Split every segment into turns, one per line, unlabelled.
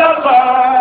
الله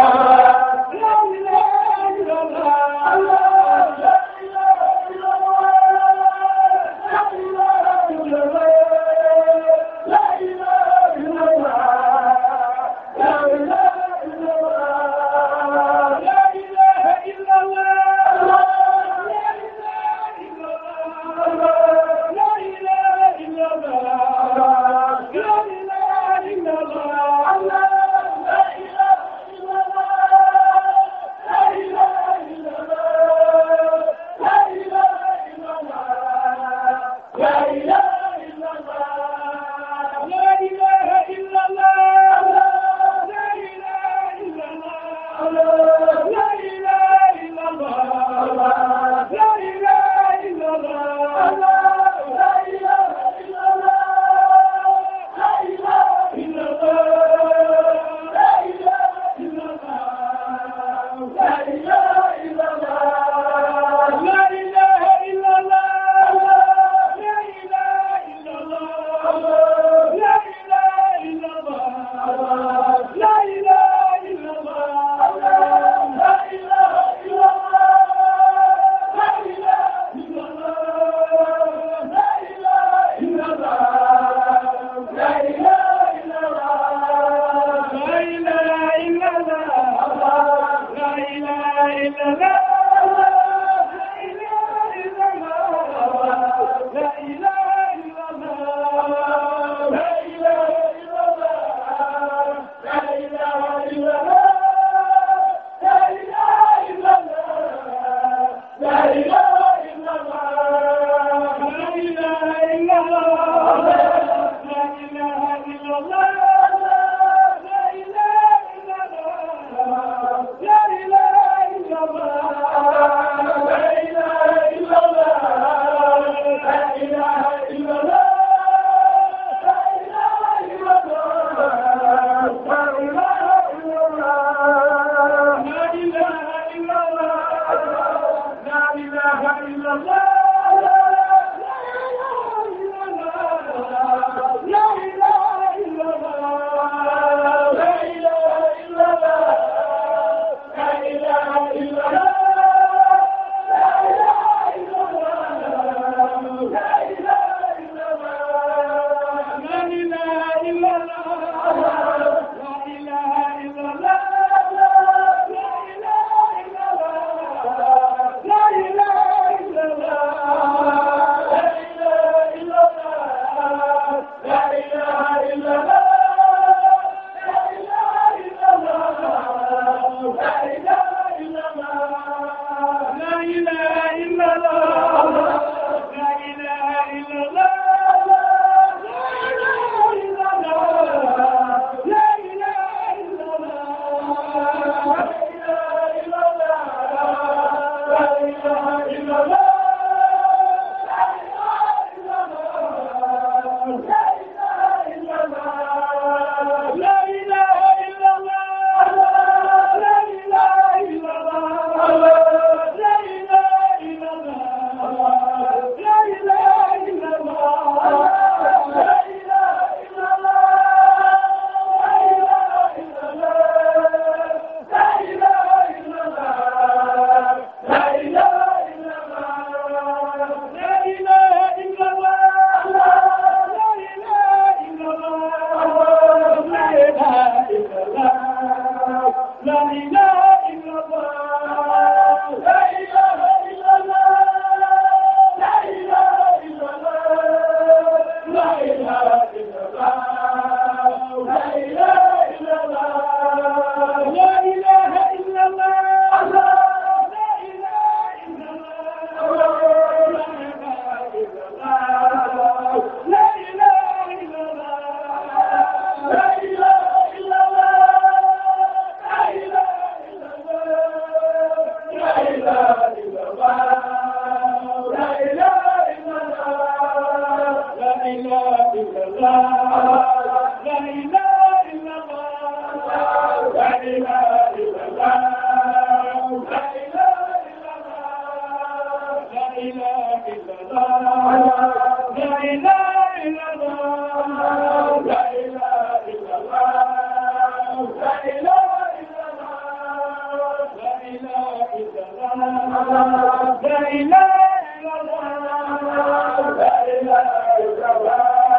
la ilaha illallah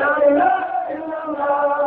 la ilaha illallah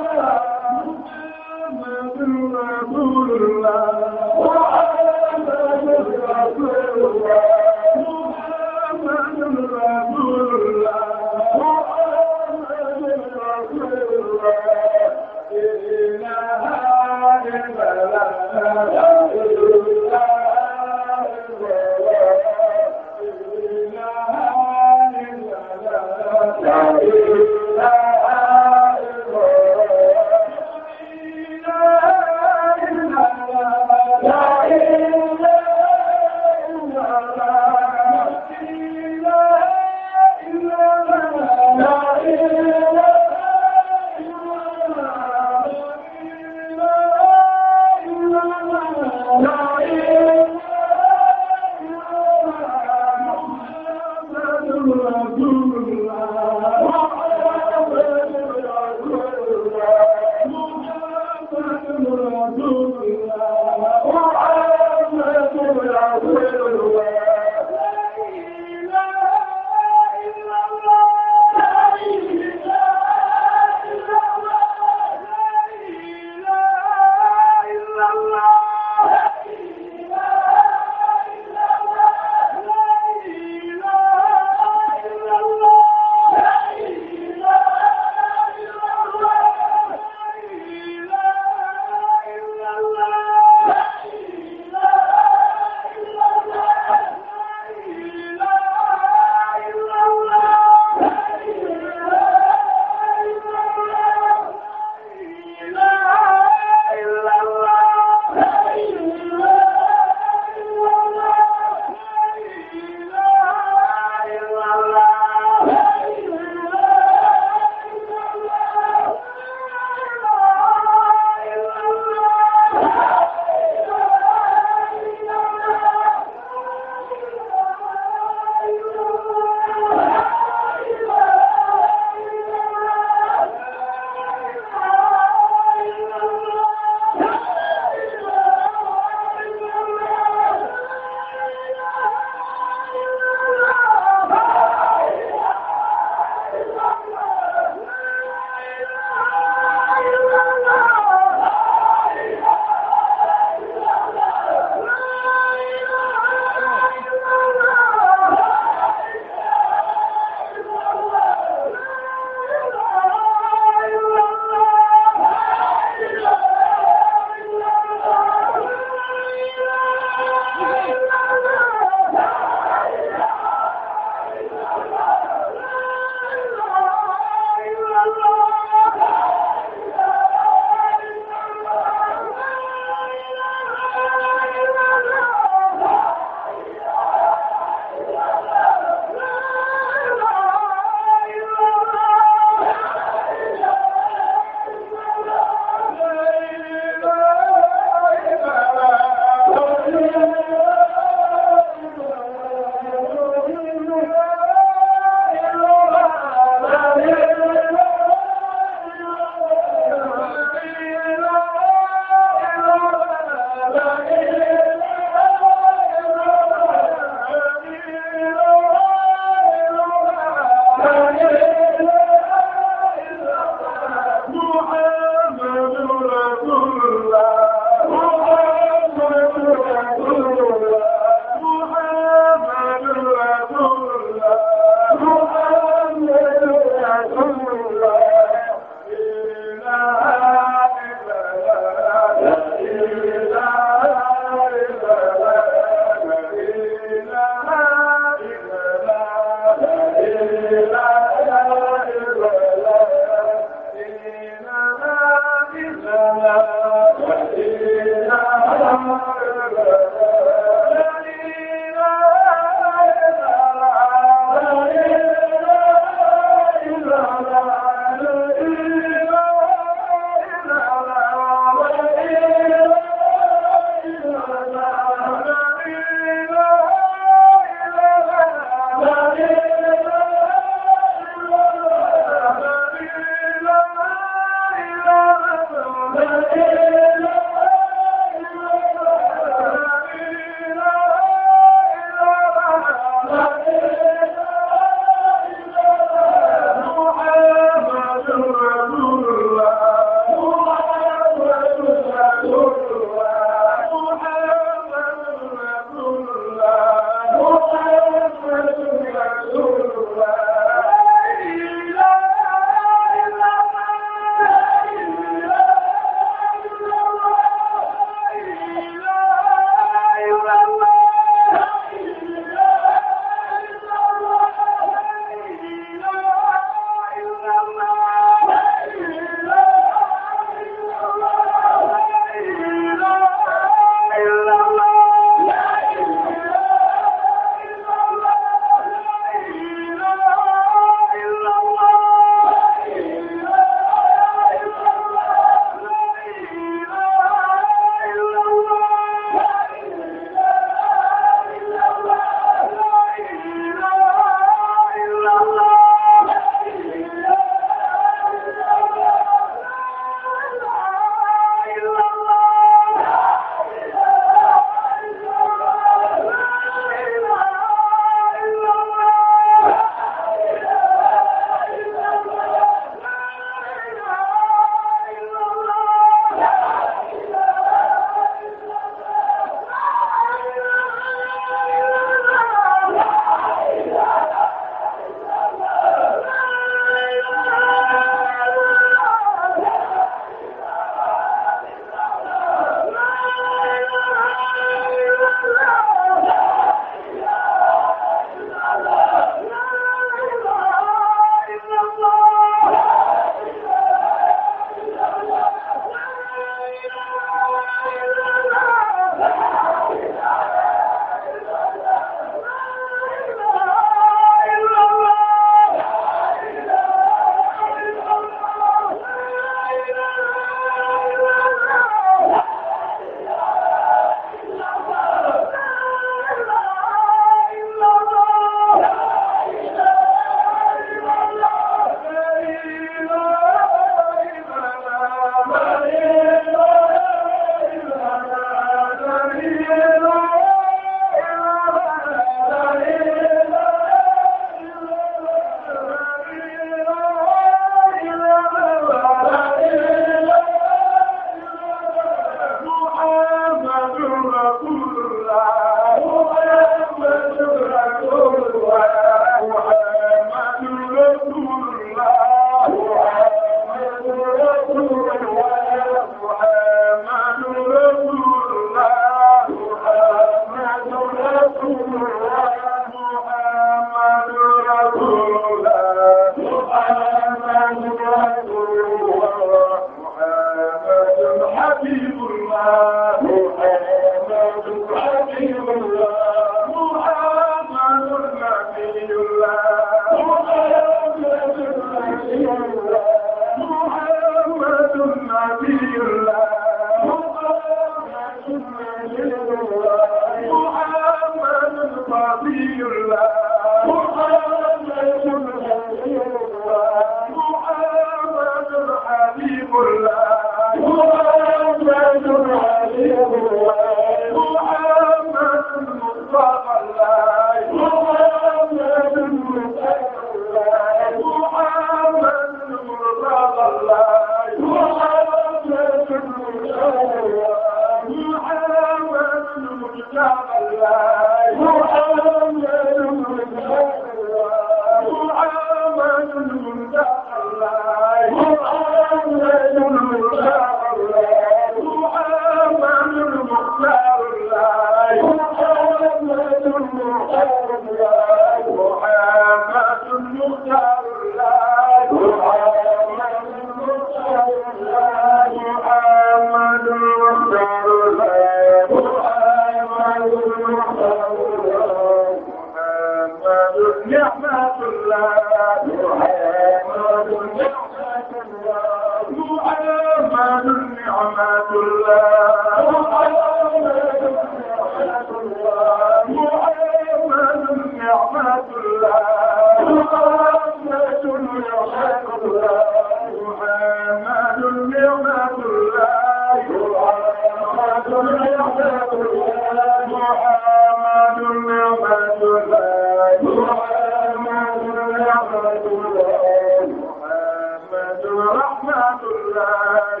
رحمة الله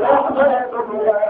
رحمة الله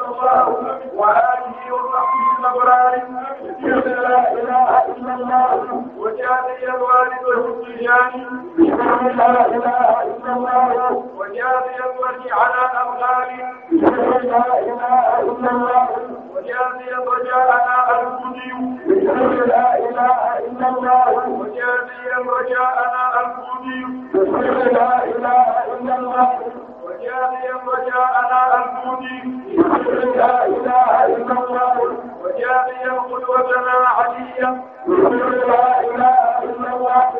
الله وآله وصحبه الأبرار
لا إله إلا الله وجعلني الوالد والصبيان لا إله إلا الله وجعلني الولي على أبغاري لا إله إلا الله وجعلني الرجاء على الهدي لا إله إلا الله وجعلني الرجاء على الهدي لا إله إلا الله وجاهدا وجاءنا الجودي لا اله الا الله وجاهدا قدوتنا عليا لا اله الا
الله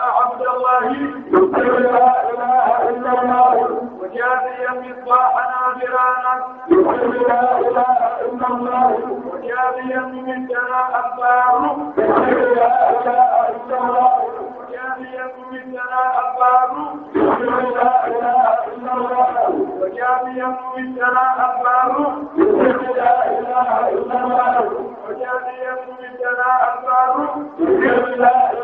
عبد الله يقول لا اله الا الله
وجاهديا مصباح ناظرانا يقول لا اله الا الله وجاهديا من جرى انبار يقول لا اله الا الله وجاهديا من جرى انبار يقول لا اله الا الله وجاهديا من جرى انبار يقول لا اله الا الله وجاهديا من جرى انبار يقول لا اله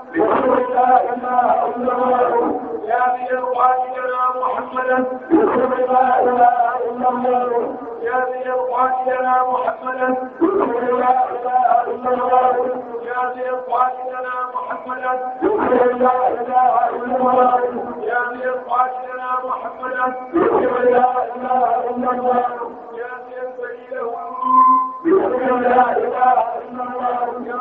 بسم الله ما أنزله يا بني قاتلنا محمدا بسم الله ما أنزله يا بني قاتلنا محمدا بسم الله ما أنزله يا بني قاتلنا محمدا بسم الله ما أنزله يا بني قاتلنا محمدا بسم الله ما أنزله وجاهدا سبيلهم بأن لا إله إلا الله ربنا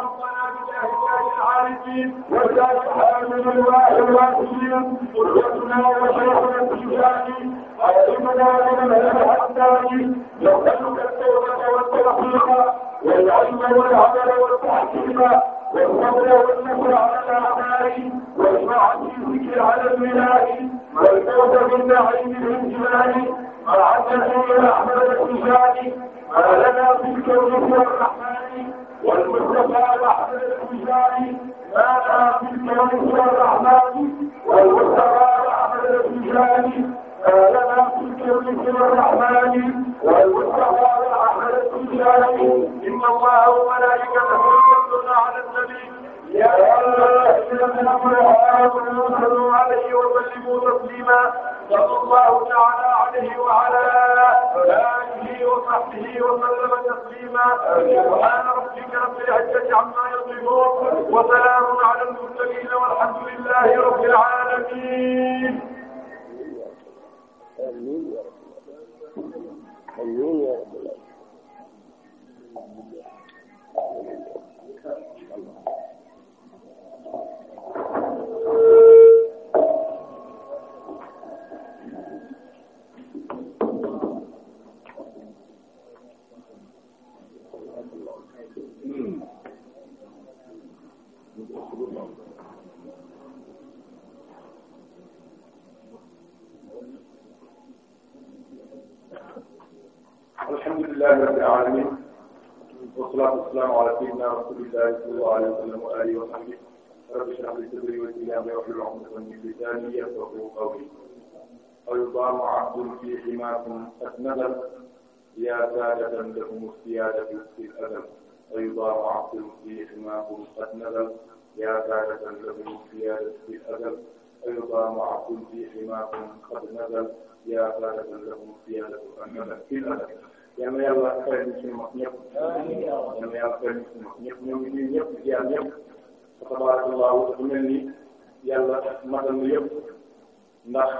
بجاه العارفين وجاهدها من الله الواحدين قدوتنا وشيخنا الشجاعي أئمنا ومن الحداني نسألك التوبة والتوفيق والعلم والعمل والتحكيم والصبر والنصر على الاعداء واجمع في ذكر على الولاء والموت بالنعيم بالجلال قال حدثنا احمد الحجاني قال لنا في الكون هو الرحمن والمصطفى احمد الحجاني لنا في الكون هو الرحمن والمصطفى احمد الحجاني لنا في الكون هو الرحمن والمصطفى احمد الحجاني ان الله وملائكته يصلون على النبي يا أيها الذين آمنوا صلوا عليه وسلموا تسليما صلى الله تعالى عليه وعلى آله وصحبه وسلم تسليما سبحان ربك رب العزة عما يصفون وسلام على المرسلين والحمد لله رب العالمين
آمين يا رب العالمين آمين يا رب العالمين alhamdulillahi rabbil alamin wa salaatu wa salaamu ala sayyidina rasulillahi sallallahu alayhi wa sallam wa alihi wa sahbihi رب اشرح لي صدري ويسر لي امري واحلل عقدة من لساني يفقهوا قولي أو يطاع عبد في حماكم أسندا يا سادة لهم السيادة في الأذى ويطاع عبد في حماكم أسندا يا سادة لهم السيادة في الأذى ويطاع عبد في حماكم أسندا يا سادة لهم السيادة في الأذى yàlla na yàlla xëy na suñu wax ñëpp. yàlla na yàlla xëy na suñu wax ñëpp ñoom ñun ñëpp jaam ñëpp. fa tabarakallahu dafa mel ni yàlla matal na yëpp ndax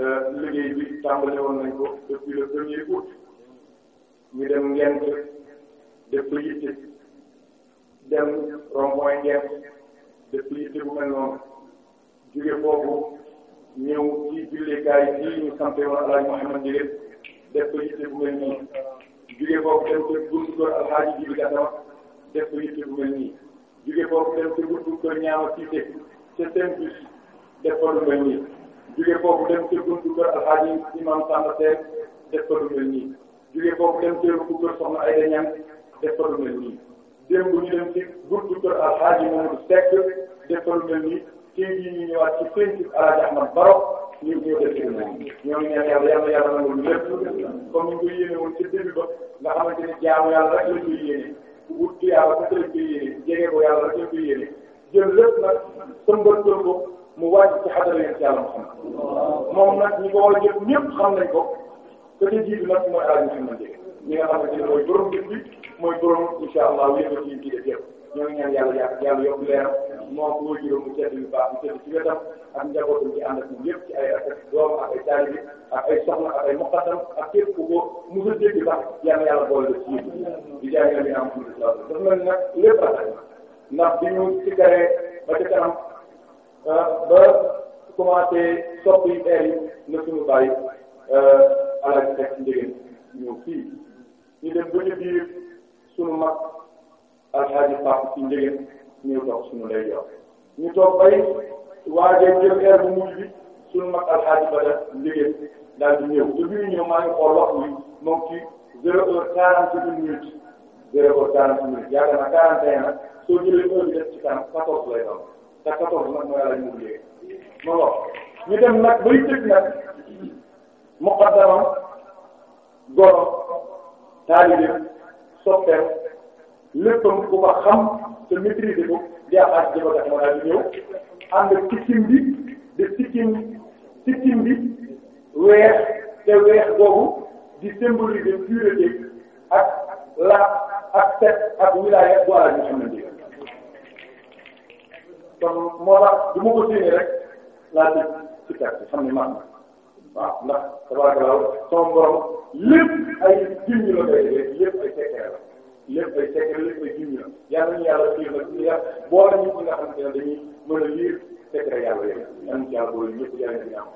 euh, liggéey bi tàmbale woon nañ ko depuis le premier août ñu dem ngent def dem rond-point ngent def bu mel noonu jóge foofu ñëw ci jullekaay yi ñu sante woon alaaji Muhammad Njigéen def ko yitte bu mel noonu jóge foofu dem ko buntu kër alaaji Jibi Gatama def ko yitte bu mel nii jóge foofu dem ci buntu ko ñaama siite ca seen bus def ko lu mel nii jóge foofu dem ci buntu ko alxaaji imam Samba Seck def ko lu mel nii jóge foofu dem ci buntu ko soxna Ayda Ñang def ko lu mel nii démb ñu dem ci buntu ko alxaaji Mamadou Seck def ko lu mel nii tey jii ñu ñëwaat ci penc alaaji Ahmad Baro ñu ñu def ci ñoom ñaan yàlla yàlla yàlla nangul lépp comme ñu ko yéene woon ci début ba nga xamante ne jaamu yàlla rek la ñuy yéene wut ci yàlla fa sëriñ bi yéene jege ko yàlla sëriñ bi yéene jël lépp nag sëmbal ko mu wàcc ci xadara yéen ci yàlla Muhammad moom nag ñi ko war a jël ñëpp xam nañ ko te ci jiitu nag mooy aal ñu xam ñi nga xamante ne mooy borom bi mooy borom incha allah yéen a ngi ciy def yëpp ñoo ngi ñaan yàlla yàlla yokk leer moo ko wóor juróom bu tedd yu baax bu tedd ci wetam ak njabootam ci ànd ak moom yëpp ci ay ak doom ak ay taalibe ak ay soxna ak ay muqaddam ak képp ku ko mos a dégg sax yàlla yàlla boole la ci yéen di jaay nga dina am lu dul dafa mel nag lépp la ndax bi ñu ci garee ba ci kanam ah, ba commencé soppi air yi na suñu bàyyi alal di teg ci njëgën ñëw fii ñu dem ba ci biir suñu mag alxaaji Pape ci njëgën. ñuy toog suñu lay jox ñu toog bay waaye jël heure bu mujj bi ba def liggéey daal di ñëw te bi ñu ñëw maa ngi xool wax bi moom ci zéro heure quarante une minutes zéro heure quarante minutes yaakaar naa quarante et un nag soo jëlee heure bi def ci kanam quatorze lay goro taalibe soppeem léppam ku ko xam te maîtriser ko jaaxaat jëmm a moo daal di ñëw ànd ak sikkim bi de sikkim sikkim weex te weex boobu di symboliser pureté ak la ak set ak wilaaya boolaa ñu xam ne kon moo tax du ma ko séenee rek laa ci ci perte xam ne maa ngi waaw ndax tabaaraka laa sama borom lépp ay junj la koy def lépp ay secret la. lépp ay tekki lépp ay jiw la yàlla ñu yàlla jiw nag ñu yàlla boole ñu ci nga xamante ne dañuy mën a liir tekki rek yàlla yëngu. yàlla yàlla boole ñëpp yàlla ñu am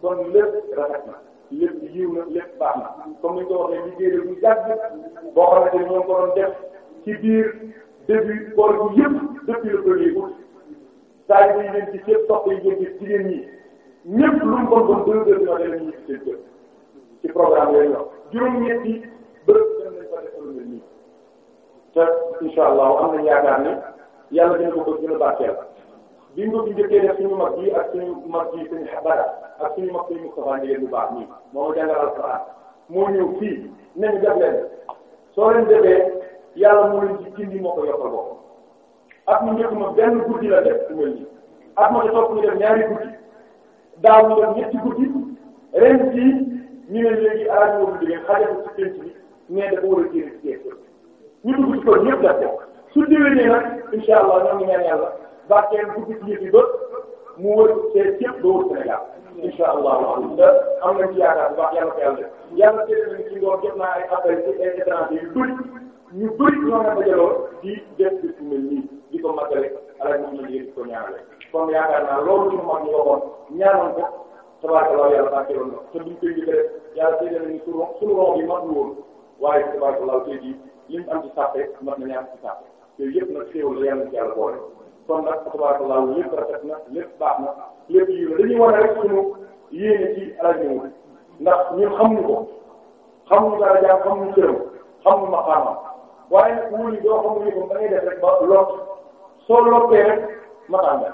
kon lépp rafet na lépp yiw na lépp baax na comme ni ñu ko waxee liggéey rek ñu jàpp boo xamante ni ñoo ko doon def ci biir début koor bi yëpp depuis le premier août saa yi leen ci ceeb soxla yi jëm ci jigéen lu mu bon bon deux heures ñoo leen ñu ci seen kër ci programme yooyu ñoom juróom-ñett yi bëri nañ fa te incha allah am nañu yaakaar ne yàlla dina ko bëgg dina barkeel biñ ko fi njëkkee def suñu mag bii ak suñu mag bii suñu xabaar ak suñu mag suñu Moustapha Ndiaye bu baax nii moo ma jàngal alxuraan moo ñëw fii nañu def leen soo leen defee yàlla moo leen ci gindi moo ko yokkal bopp ak mu njëkk ma benn guddi la def su mel nii ak ma ca def ñaari guddi daaw ñu def guddi ren jii ñu ne léegi arajo bi dégg xale bu ci penc bi dafa war a jëriñ ci ñu dugg ci tool ñëpp daal jàpp su déwénee nag incha allah ñoo ngi ñaan yàlla barkeel dugg ci yëf yi ba mu wër seen yëpp ba wër Sénégal incha allah am nañ ci yaakaar bu baax yàlla ko yàlla yàlla teel nañ ci ngoon jot naa ay appels ci ay étrangers yu bëri ñu bëri ñoo nga dajaloo di def ci mel nii di ko matale ala ñu ñu di ko ñaanale kon yaakaar naa loolu ñu mag ñu waxoon ñaanoon ko tabarakallah yàlla barkeeloon na te duñ koy jëlee yàlla teel nañ sunu sunu rong bi matul woon waaye tabarakallah tey jii li mu am ci sàppe mat na ñaar ci sàppe yooyu yëpp nag xéewal yenn ci yàlla boole kon nag tabarakallah lépp rafet na lépp baax na lépp yi dañuy na rek suñu yéene ci alal ñëw ndax ñun xamuñu ko xamuñu dara ko da ngay def rek ba lot soo lottee rek maqaam la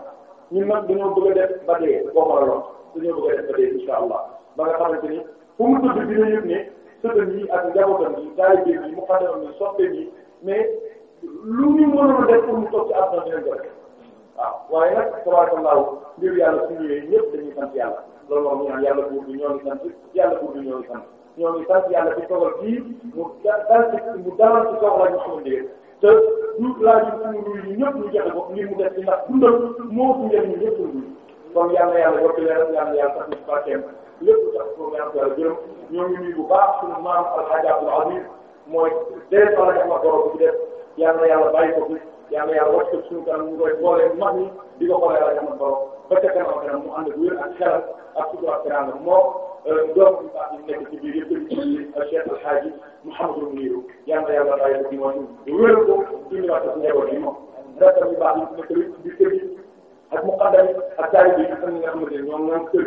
ñun nag dañoo bëgg a def ba dee boo mën dañoo bëgg def ba dee insha allah ba nga xamante ni fu mu tudd dina yëg ne sëbën yi ak njabootam yi taalibe yi mu xaddam yi soppeem yi mais lu ñu mënoon def pour mu toog ci àdduna dinañ ko rek waaw waaye nag tabarakallahu mbir yàlla su ñëwee ñëpp dañuy sant yàlla loolu moom ñu naan yàlla buur bi ñoo ngi sant yàlla buur bi ñoo ngi sant ñoo ngi sant yàlla ci toogal mu dal ci mu dalal ci soxla ñu xamante ne te ñu laaj suñu nuyu yi ñëpp ñu joxe ko ngir mu def ci ndax dundal moo fi njëriñ ñëpp pour ñu kon yàlla yàlla bokkule rek yàlla yàlla sax ñu barkeem lépp dafa ko ñaan yàlla jërëm ñoo ngi nuyu bu baax suñu maam Alhaji Abdou Aziz mooy déedéet wala def ma borom bu def yal na yàlla bàyyi ko fi yal na yàlla wàcc ko boole mag ñi di ko xoolee yàlla demoon borom ba ca kanam kanam mu moo doom bu baax yi nekk ci biir yëpp di Cheikh Alhaji Mouhamadou Mouniru yal na yàlla bàyyi ko fi mooy wér ko suñu wax ak njaboot yi moom rakam yu baax yi nekk ci biir kër gi ak muqaddam ak taalibe yi nga xamante ne ñoom ñoom kër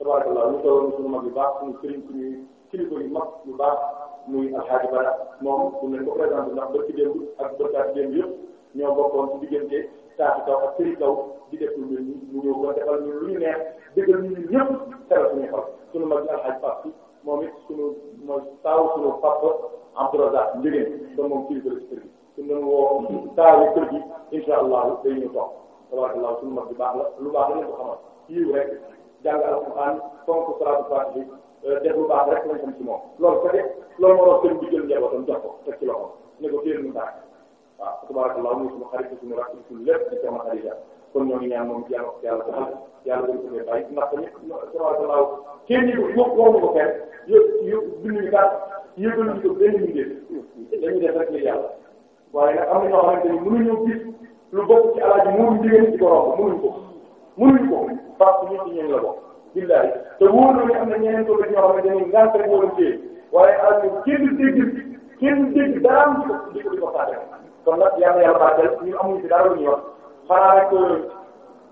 tabarakallah ñu toogoon suñu mag yu baax suñu sëriñ suñu kilifa yu mag yu baax muy alxaaji bara moom bu leen ko présenté ndax bërki démb ak bërkaat démb yëpp ñoo bokkoon ci diggante taatu kaw ak sëriñ kaw di def lu mel nii mu ñëw kon defal ñu lu ñu neex dëggal ñu ñëpp teral suñu xol suñu mag bi alxaaji Pape moom it suñu mooy taaw suñu papa Abdourazaak Njëgeen kon moom kilifa la ci kër gi suñu doon woo taawu kër gi incha allah day ñu toog tabarakallah suñu mag bi baax la lu baax dañu ko xamal yiw rek jàng alxuraan fonk salaatu faatihi def euh, lu baax rek lañ xam ci moom loolu fexe loolu moo tax sëñ bi jël njabootam jox ko teg ci loxo ne ko téel ñu baax waaw tabarakallah muy suñu xarit suñu rakk suñu lépp di sama xarija kon ñoo ngi ñaan moom yàlla yàlla taxal yàlla dañ ko fee bàyyi ndax tamit tabarakallah kenn ñu ko waxu ko fenn yëpp yëpp bind ñu kat yëgaluñu ko benn ñu def dañuy def rek li yàlla waaye nag am na ñoo xamante ni mënuñoo gis lu bokk ci alaaji moom jigéen ci ko romb mënuñ ko mënuñu ko parce que ñun ci ñoom la bokk. billahi te wóor na ne am na ñeneen tool ñoo xam ne dañuy ñaan rek wóor waaye alal ñu kenn dégg kenn dégg dara am ci ko kon nag yaa ngi yàlla baaxal ñun amuñu ci dara lu ñuy wax xanaa rek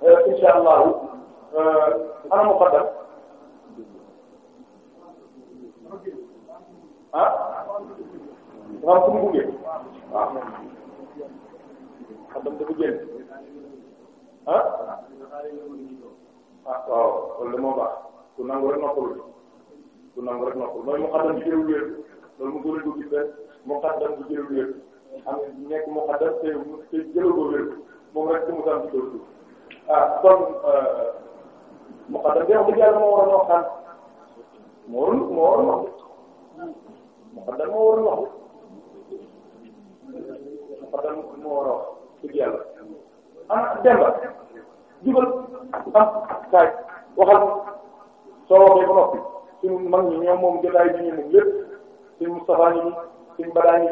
euh, incha allahu euh, mu xaddam
ah waaw fu mu
ah ah waaw loolu de moo baax ku nangu rek noppalu ku nangu rek noppalu mooy muqaddam bi jëlu wér loolu mu gën a dugg fekk muqaddam bi jëlu wér am nekk muqaddam te te jëlu ko wér moom rek ci mu sant dootul ah kon euh, muqaddam bi wax dëgg yàlla moo waroon waxtaan moo waroon moo waroon wax muqaddam moo waroon wax muqaddam moo waroon wax dëgg yàlla. ah Demba jugal ah kay waxal soo waxee ba noppi suñu mag ñi ñoom moom jotaay bi ñu moom lépp suñu Moustapha ñi suñu Bada ñi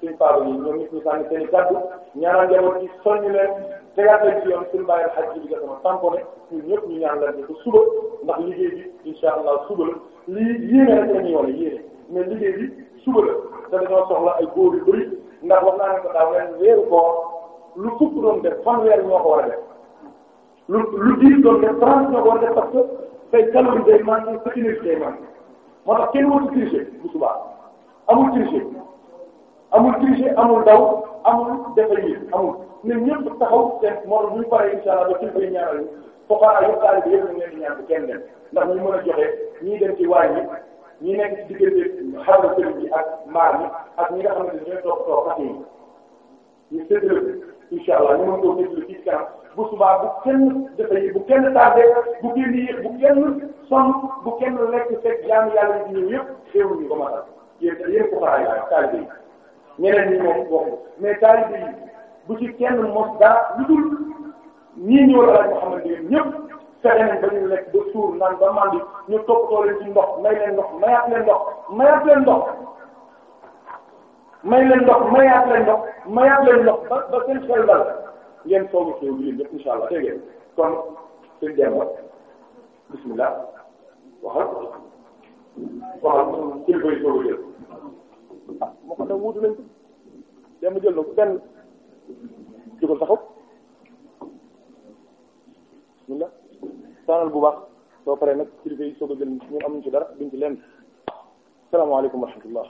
suñu Pape ñi ñoom nit ñi sànni seen i kàddu ñaanal njaboot ci soññ leen tegaat leen ci yoon suñu bàyyi xaj ji bi nga sama tamponné ñun ñëpp ñu ñaan leen ko suba ndax liggéey bi insha allah suba la lii yéene rek la ñuy wane yéene mais liggéey bi suba la te dañoo soxla ay góor yu bëri ndax wax naa ne ko daaw leen weeru lu fukk doon def fanweer ñoo def lu parce que say calorie day manqué sa énergie day manqué moo tax kenn warul tricher bu subaa amul tricher amul tricher amul daw amul defe yi amul ñun ñëpp taxaw seen moo tax bu ñu paree incha allah ba kii fay ñaanal ñu foqaraa yëpp taal bi yëpp ñu leen ñaan kenn dem ndax ñu mën a joxe ñii dem ci waañ yi ñi nekk ci bi ak maar yi ak ñi nga xamante ne ñooy toog toog ak yi ñu séddale incha allah ñu mën koo déglu ci kanam bu subaa bu kenn dafay bu kenn tardé bu génn yéeg bu kenn sonn bu kenn lekk fekk jaamu yàlla yi ñëw yëpp teewul ñu ko matal yéen yéen ko faral taalibe yi ñeneen ñi moom bokk mais taalibe yi bu ci kenn mos dara lu dul ñii ñëw la ñu xamante ne ñëpp fexe nañ ba ñu lekk ba suur naan ba mandi ñu toppatoo leen ci ndox may leen ndox mayaat leen ndox mayaat leen may leen ndox mayaat leen ndox mayaat leen ndox ba ba seen xel dal ngeen soog a xew yéen allah dégg ngeen kon bismillah waxal waxal kilifa yi soog a jël ah moo xam ne wuutu nañ ko dem jël na ko benn jógal taxaw bismillah saanal bu baax soo paree nag kilifa yi soog a jël ñun amuñ ci dara duñ ci lenn salaamaaleykum wa rahmatullah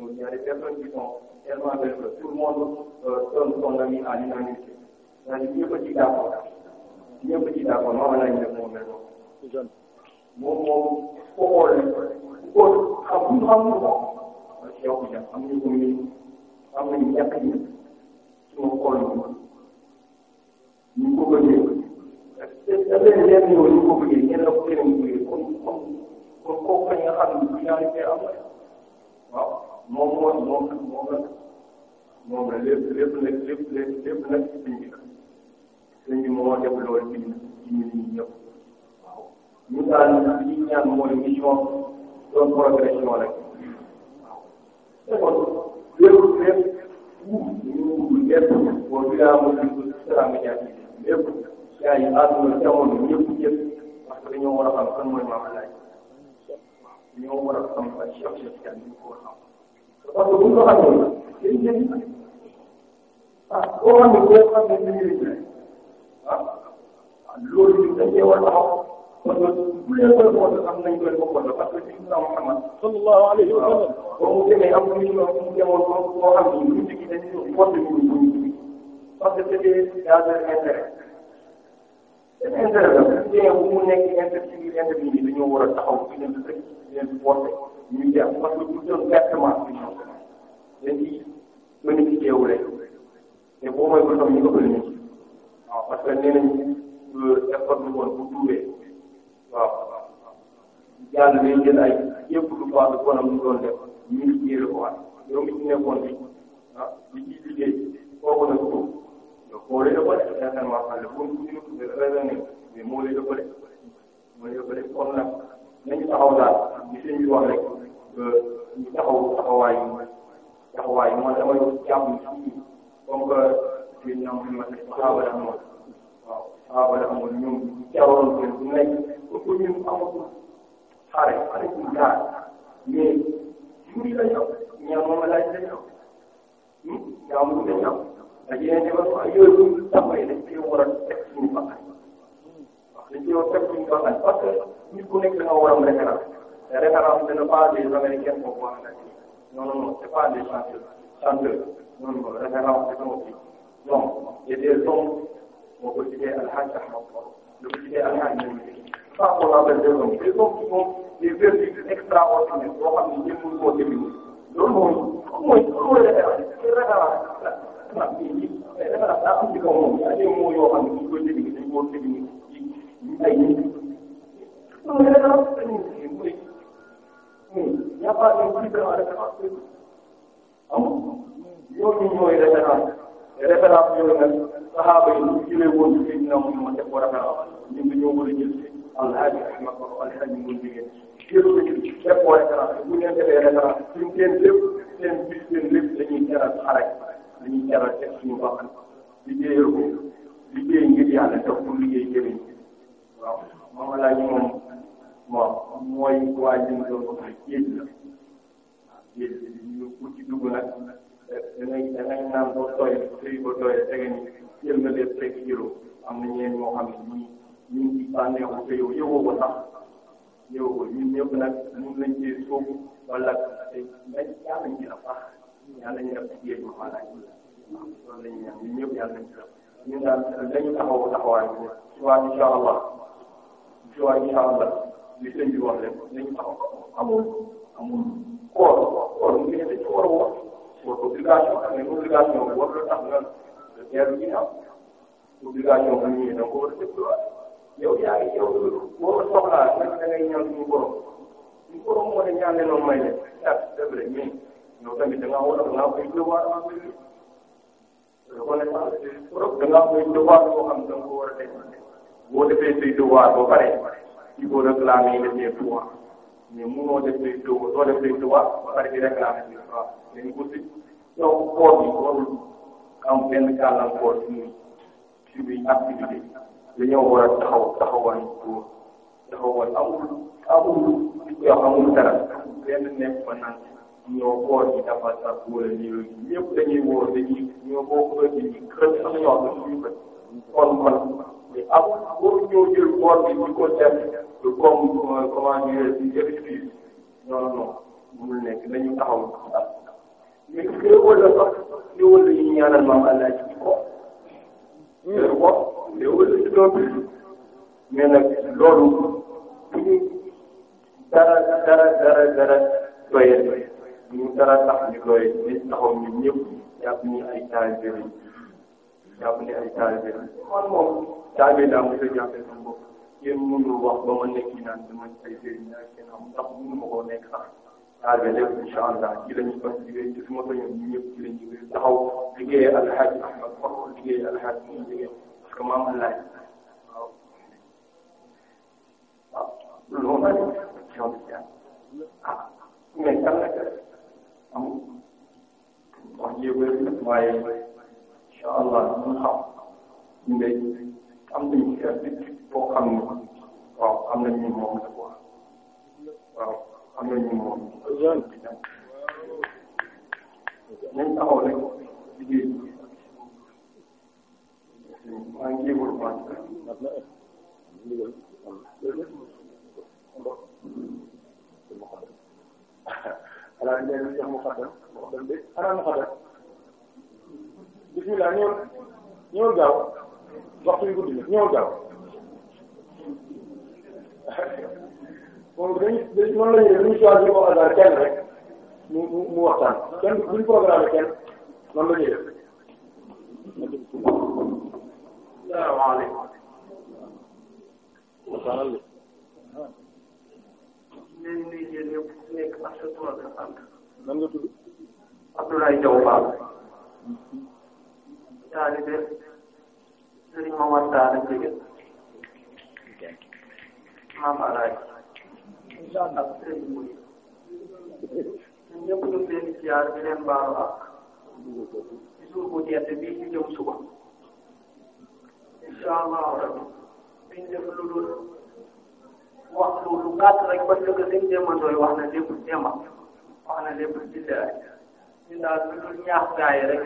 il y a des personnes qui sont tellement belles que tout le monde donne son avis à l'unanimité. C'est-à-dire ñëpp ci d'accord ñëpp ci d'accord noonu lañ def moom la moom moom ku xool ko xam xam ko parce que yow am nañu ko ñu am nañu ñàkk ñi ci ma xool ñu ko bëggee da ngay leer ñëw ñu ko bëggee ñenn la ko tënk comme comme comme kooku nga xam ne finalité am na waaw moom moo moom nag moom nag moom la lépp lépp nag lépp lépp lépp nag sëñ bi la sëñ bi moo def loolu ci ci ñun ñëpp waaw ñu daal li ñu ñaan mooy mission doon progression rek waaw lépp lépp ñu lépp boo biraa mo di sera médiatique lépp gars yi àdduna jamono ñëpp ñëpp parce que dañoo war a xam kan mooy maam laaj ñoo war a xam ba Cheikh Cheikh Tidiane ñu ko xam parce que bu ñu ko xamee day njëriñ ah boo xam ne boo xam ne ñu ngi lay ah, ah loolu dañ cee war a taxaw kon nag bu leen koy xool am nañ koy bokkoon parce que suñu sama xamal. sallallahu alayhi wa sallam. boo mu demee am na ñu ñu demoon boo xam ne ñu ngi dañu parce que c'était dans un c'est intéressant bien mu nekk interview interview yi dañoo war a taxaw ci leen rek leen porté ñu jàpp parce que bu doon pertement bi ñoom dañ ci bénéficié wu rek te boo mooy ko tam ñu ëppale ñu waaw parce que nee nañ effort bi woon bu tuubee waaw yàlla day jël ay yëpp lu baax lu bonam ñu doon def ñu ngi jéere ko waat yow mi ci nekkoon bi ah li ciy liggéey kooku nag tuub yo hoore ɗo ɓole yatanma halle fof ɗino ɓe raisonné ɓe moole ɗo ɓole moole ɗo ɓole kono nak nañu taxawlaa mi seen ñu wax rek ñu taxaw taxawaayu taxawaayu man damay jàpp fii comme que Seydina Muhammad sahaaba la amoon waaw sahaaba la amoon ñoom jaroon leen bu nekk pour que ñun amatul xare xare bu jaar mais juri lañ am ñaan moom laaj lañ am jaamu lañ am dañuy ne ba waaye yooyu ñu taxawee dañ cee war a teg suñu bakkan wax dañ cee war a teg suñu bakkan parce que nit ku nekk da nga war a am référence te référence dana pas des américains boobu wax na non non non c'est pas des chanteurs chanteurs non non référence dafa aussi donc il y a des hommes moo ko tuddee Alhaji Ahmad moo ko tuddee Alhaji sans qu'on appelle des hommes des hommes qui sont des vertus extraordinaires boo xam ne ñëpp mënu koo déglu loolu mooy mooy loolu mooy référence référence dafa am ci kaw moom ay mots yoo xam ne ko dégg dañ koo dégg ci ay nit. non mais dafa am ay nit mooy y' a pas de plus grand référence am ñooñu ñooy référence référence yooyu nag saxaaba yi ñu jëlee woon ci dina mu ma def ko référence ñun dañoo war a jël alhaji Ahmad Bamba alhaji mu jigéen jël ko ci def ko référence bu ñu leen defee référence suñ seen lépp seen bis seen lépp dañuy teral xaraj li ñu jaral teg suñu bakkan liggéeyal ko liggéey ngir yàlla def pour liggéey jëriñ waaw moom laa ñu moom moom mooy waa jëm doon ko xam ci dugg nag da ngay naan ko tooy tëy ko tooy tege ni jël nga lépp fekk am na ñeen ñoo xam ne ñii ñu ngi ci bànneexu te yow yëgoo ko sax yëgoo ko ñun ñëpp nag mun nañ cee sóobu wala ay ay yaa ci la baax yàlla ñu def ci jéego maanaam loolu la ñuy ñaan ñun ñëpp yàlla nañ ci def ñun daal dañu taxaw taxawaay bi suba incha allah suba incha allah li sëñ bi wax lépp dañu taxaw amul amul koor koor mu ngi dañ ko war a wax war obligation am nañ obligation bi war la tax nga teer bi am obligation bu ñëwee da nga ko war a dégluwaat yow yaa ngi yow boo soxlaa nag da ngay ñaan suñu borom suñu borom moo ne ñaan leen may ne c'est vrai mais donc da ngaa war a da ngaa koy devoir en fait da ngaa koy devoir boo xam da nga ko war a def boo defee say devoir ba pare il faut réclamer les des droits mais munoo def say devoir doo def say devoir ba pare di réclamer des droits dañ ko si donc koor bi warul am benn gàllankoor suñuy suñuy activité dañoo war a taxaw taxawal ko taxawal amul amul yoo amul dara benn nekk ba naan ñoo koor ñi dafa sax wala ñoo ñëpp dañuy wóor dañuy ñoo bokk ci ñi kër sax ñoo am suñu bët kon man mais am boo ñoo jël koor bi ñu ko def comme euh, comment dire di excuse non non mënul nekk dañu taxaw ak mais que wala sax li wala ñu ñaanal maam Allah ci ko leer ko mais wala ci doon bi mais nag loolu duñu dara dara dara dara doyee ñu dara tax ñu koy nit taxaw ñu ñëpp jàpp ni ay taalibe lañ jàpp ni ay taalibe lañ man moom taalibe daa mos a jàppee sama bopp kenn mënul wax ba ma nekk ñu naan dama ay sëriñ laa kenn xam ndax mënu ma koo nekk sax taalibe lépp incha allah ci la ñuy participer ci suma sañoon ñu ñëpp ci la ñuy taxaw liggéeyee alxaaji ahmad faxu liggéeyee alxaaji ñu liggéey parce que maam allah waaw waaw loolu ma ne ah mais kan la amul wax jéego yi nag waaye incha allah ñu xam ñu ngi am nañu certitude boo xam ne waaw am nañu moom la quoi waaw am nañu moom.
nañ taxaw rek liggéey bi maa ngi jéego
lu alaaka njëriñ li ñu jox muqaddam muqaddam bi ana muqaddam bismillah ñëw ñëw gaaw waxtu bi guddi na ñëw gaaw moom dañuy dañuy mën nañu ne dañuy choisir au hasard kenn rek mu mu mu waxtaan kenn duñ programme kenn man la ñuy def. salaamaaleykum. leen nuyu yéen ñëpp ku nekk ak sa tur ak sa sant. nan nga tudd. Abdoulaye Diaw Fall. taalibe Sëriñ Momar Saara Jege. Maam Alaay. ak Sëriñ Mbuy. ñun ñëpp ñu ngi leen di ziar di leen baalu ak. ci suur bu tedd bii ñu jëm suba. incha allah rabbi. biñ def lu dul. wax lu rek parce que sëñ Demba Ndoye wax na lépp wax na lépp billahi ñu daal lu ñaax gaa yi rek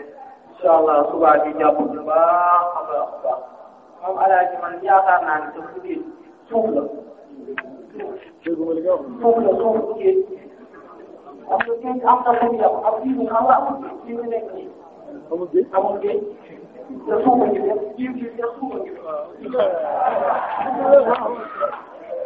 incha allah subaa bi jàpp bu baax a baax a baax man yaakaar naa ne sax bu suuf la suuf la suuf bu géej am na géej am na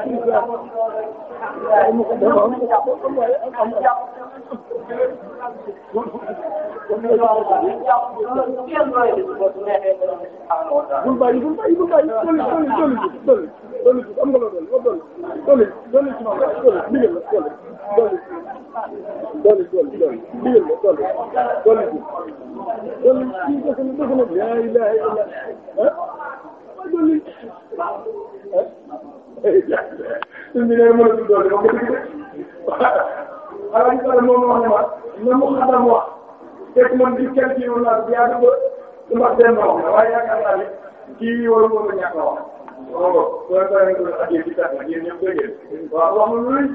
bul bàyyi bul bàyyi bul bàyyi dolli dolli dolli dolli
am nga loo dolli dolli dolli ci noonu dolli ndigal la dolli dolli dolli dolli dolli ndigal la dolli dolli
dolli kii dëkk na dëkk na laa ilaaha illa dolli suñ bi nee na mën a tuddoo rek wax nga dëgg moom wax ne ma na mu xatam wax fekk
man di kenn ci yoon naa yaa dugg ma dem ma wax la waaye
yaakaar naa ne kii warul woon a ñàkk a wax. waaw waaw waaw waaw waaw ak yéen ci tax yéen ñëpp dégg ngeen waaw wax na lu rëy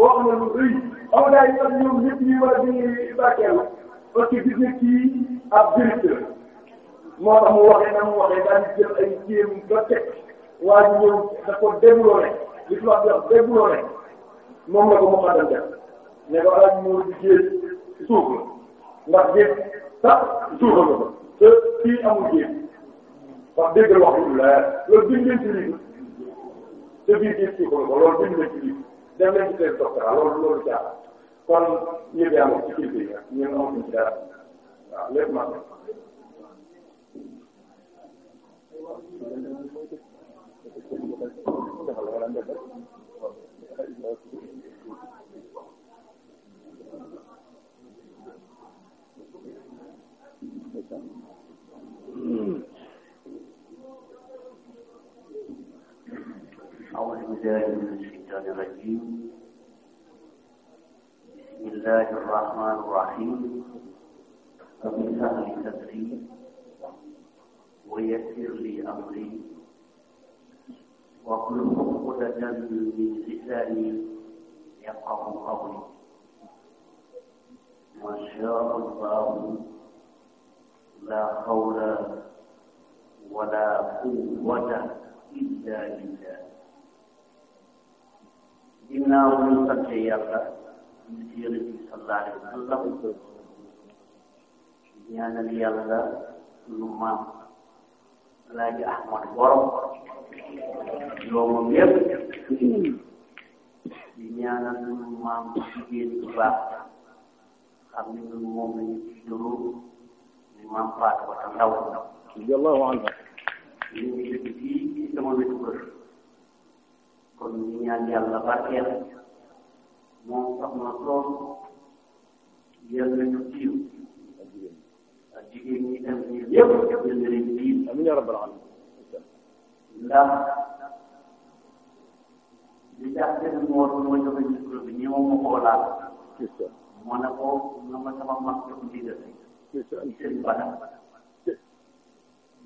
wax na lu rëy xam nga daal ñoom waa ji ñëw daf ko déboulonné li tubaab moom la ko Muqaddam def ne ko alal ñu di géej suuf la ndax géej sax suuf la ko te fii amul géej wax dëgg wax dëgg la loolu bind leen ci lii te biir géej suuf la ko loolu bind leen ci lii dem leen kon yëpp yaa ngi ci kii bi ñun amuñu ci dara waaw lépp أعوذ بالله من الشيطان الرجيم بسم الله الرحمن الرحيم رب اشرح لي صدري ويسر لي أمري واخلق عقدة من لساني يفقه قولي ما شاء الله لا حول ولا قوة إلا بالله ginnaaw bu ñu sante yàlla ñu ci yonent bi sallallahu alayhi wa sallam ñaanal yàlla sunu maam Alaaji Ahmad Borom loolu yëpp di ñaanal sunu maam jigéen bu baax xam ne ñun moom la ñu duru ni maam Fatou Bata Ndaw radiyallahu anha ñu ngi dëkk fii ci sama wetu kër kon ñu ñaan yàlla barkeel moom sax na lool yàlla jigéen ñi tam ñun yëpp jënd leen diin amiin yaa rabbal alamin ndax li tax seen moor moo joxe micro bi ñëw ma koo laal ma ne ko nga ma sama mag jox ndigal ci seen bana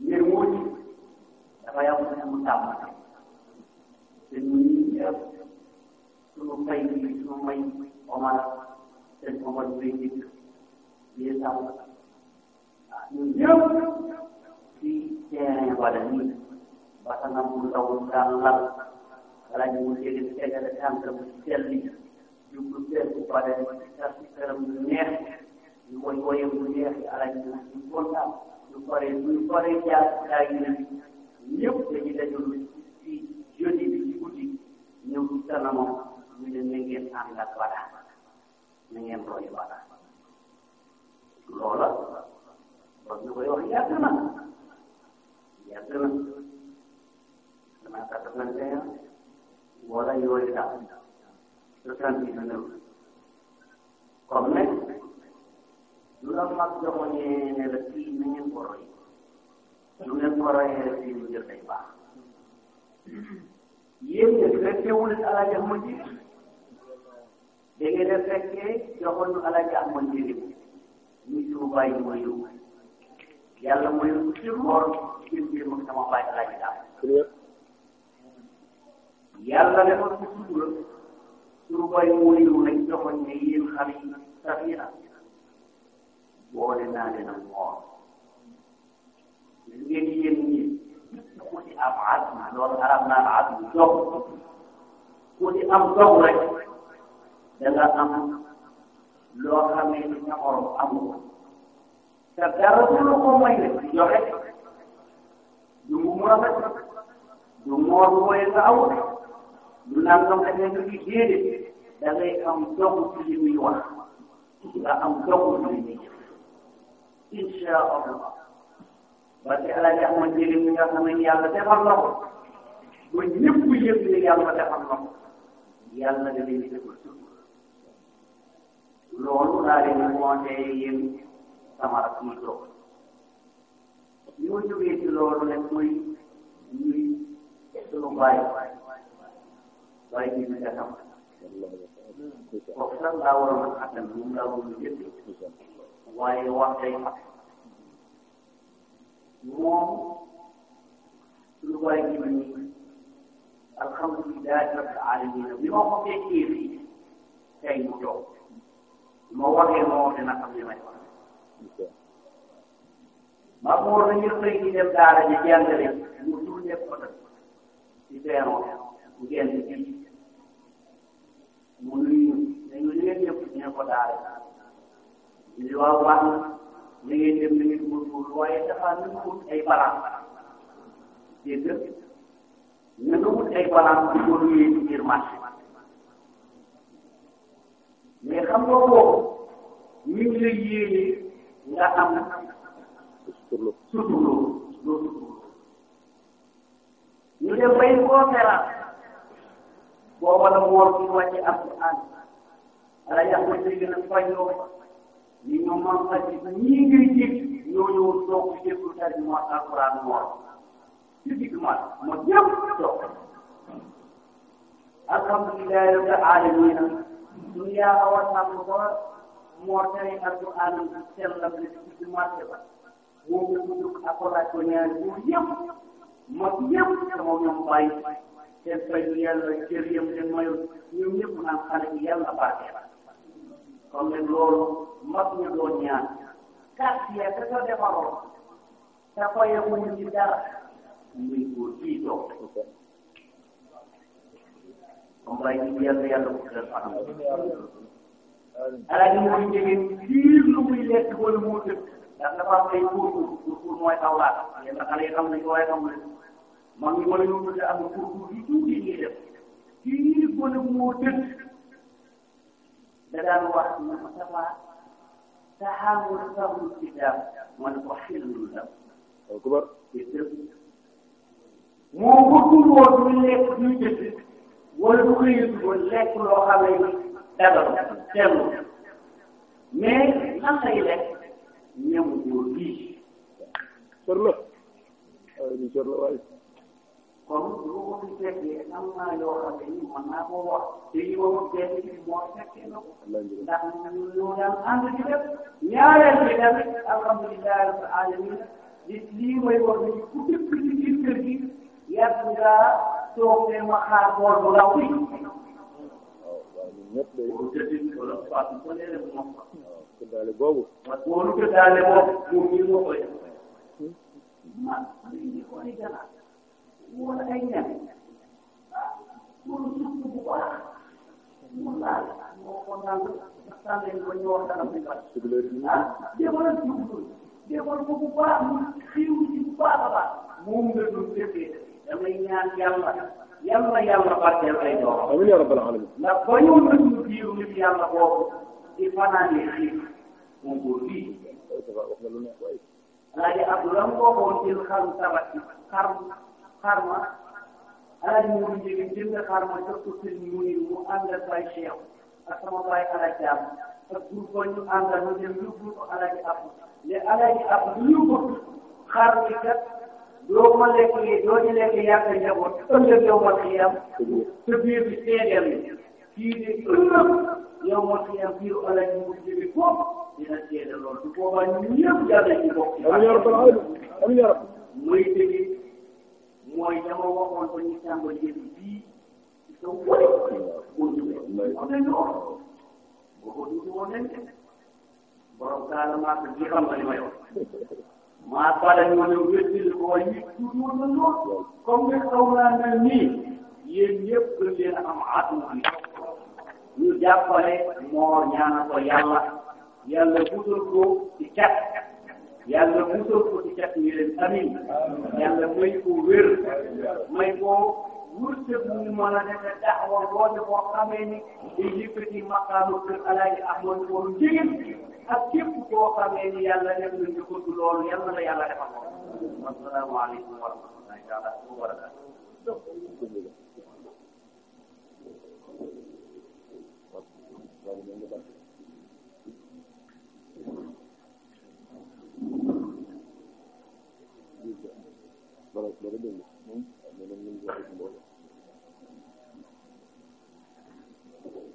yéen moo ci dafay am seen mu tàmm seen mu ñi sunu fay bi sunu may omar seen omar bi nit bi sàmm ñëpp ci terrain wala nii ba sa nga mu ndaw daan lal wala ñu mu léegi di tegale tànkam ci sell ñu mu sell bu pare ci tas ci këram ñu neex ñu koy woye bu neex ñu ñu kontaan ñu pare ñu pare jaar daa yi ne ñëpp dañuy dajul ci jeudi bi ci guddi ñëw ci kanamam ñu ne na ngeen ànd ak wala na ngeen roy loola boobu ñu koy wax yàgg na yàgg na dama quatre-vingt et un wala yooyu daal soixante-dix-neuf comme nag lu la mag joxoñee ne la fii ni ngeen ko roy lu ngeen ko royee fii lu jël day baax yéen ngeen fekkewul alaaji Ahmad Jiili da ngeen a fekkee joxoñu alaaji Ahmad Jiili muy yàlla mooy monsieur Mor ci biir moom sama baay laaj daal. yàlla ne ma sutura suñu bay wóyul lañ joxoon ne yéen xale yi safira boole naa leen ak Mor. ngeen yéen ñi ku ci am asma loolu arab naa asma dox ku ci am dox rek da nga am loo xamee ne sa morom amul te dara lu ko mooy joxe du mu rafet du moor mooy sa aw du nangam ak nga ci déedéet da ngay am dogu ci li muy wax nga am dogu ci li muy jëf incha allah parce que ala nga xamante ne mi nga xam ne yàlla defal na ko ba ñëpp yëpp ne yàlla defal na ko yàlla da leen di defal loolu daa leen monté yéen sama ak muy toog li ma jógee ci loolu nag muy muy sunu bàyyi bàyyi bi mi gasam kooku sax laa waroon a xàttan moom laa waroon a jënd waaye wax day fàtt moom sunu bàyyi bi mi alhamdulilah rabbil alamin bi ma ko fekkee fii tey mu toog ma waxee ma wax dina xam li may wax maa mu waroon ñu xëy ñu tourné photo ci teeroon mu mu nuyu dañu leen ñëpp ñu ne ko daara li waa wax na ngeen dem na ngeen góorgóorlu waaye dafa nu mu wut ay balance dégg nga nu wut ay balance di ko nuyee ci biir marché mais xam nga kooku ñu ngi lay yéene nga am surtout loolu ñu def bay conférence boo wala woor ñu wàcce alquran ala yàlla ñu gën a fajoo ni ñu mën a ji ñii ngir jiit ñoo ñëw toog déglu tarjuma alquran woor physiquement mo ñëpp toog alhamdulilah rabbil alamin ñu yaa awa sàmm moo tere alquran sellam ne ci marché ba woo ko tudd accordation ñaari buur yëpp mag yëpp sama ñoom bàyyi seen fayu yàlla cër yëpp leen mayoon ñoom ñëpp naan xale bi yàlla baaxee la comme nag loolu mag ñu doon ñaan quartier te ko defaroon te fayewuñu ci dara muy góor kii toog comme bàyyi yàlla yàlla ko alal yi muy jege biir lu muy lekk wala moo dëkk ndax dafa am ay kurkur kurkur mooy awlaat yenn xale yi xam nañ ko waaye xamul mag ñi wala ñoo tudd am na kurkur yu tuuti ñuy def biir wala moo dëkk da daan wax na ma sama taxawul saxul ci daam ma ne ko xillul dam kubar moo ko tudd woon ñu lekk ñu jënd wala du xëyatu woon lekk loo xam ne dara teelul mais lan lay lekk ñamu góor bii. sër la waaye du waaye. kon lu ko fi fekkee am naa yoo xam ne nii naa ko wax te yi ma moo fekkee na ko ndax ñoo daan ànd ci lépp ñaareel bi tamit alhamdulilah rabbil alamin li lii may wax ku dëkk ci biir kër gi yàgg ngaa ñëpp day. boo jëlee wala Fatou boo nee moom. waaw gëddaale boobu. parce que wóolu gëddaale moom moom moo koy def. Hmm? man man indi ko ay gala wala ay ñax wóolu suuf bu baax mu laal moo ko naan naan leen ko ñu wax dara muy ah, baax. ah jéemal suuf jéemal ko bu baax mu xiiw ci bu baax a baax moom nga doon defee. damay ñaan yàlla yàlla yàlla barkeel ay doom. amiin yaa rabbal alamin. ndax ba ñu mën a jiw nit yàlla boobu di fanaan ne xiif moom góor bii. alaaji Abdou la mu bokkoon jël xaru tabat xar xar ma alaaji mu ngi jël jël nga xar ma jox ko sëñ mu ànd ak bay Cheikh ak sama bay alaaji am ak pour ko ñu àndal ñu dem yóbbu ko alaaji Abdou mais alaaji Abdou ñu ko xar mi loo ko lekk lii doo ci lekk yaa ngi koy njaboot ëllëg yow ma xiyam sa biir bi seedeel kii di ëllëg yow ma xiyam biir alal yi mu jëmi foofu dina seede loolu su boobaa ñun ñëpp yàlla ci bokk ci mooy dëgg mooy dama waxoon ba ñu sàmba yéen bii ci sa wóor moom lañ ko boo ko duutu woon nañ borom kaala maa ko jeexal ma li ma yor maa bala ñu ne wétali ko yi tuuti noonu comme ni xaw naa ne nii yéen ñëpp gën leen am atum bi ñu jàppale moo ñaan ko yàlla yàlla musal ko ci cat yàlla musal ko ci cat yi leen amin yàlla may ko wér may ko. wurteeg mu mën a def daawa woote boo xamee ni day yëkkati maqaamu kër Alaaji Ahmad moom jigéen ak képp koo xamee ni yàlla def na ñu bëgg loolu yal na la yàlla defal ko. asalaamaaleykum wa rahmatullahi taala wa barakaatu. Thank you.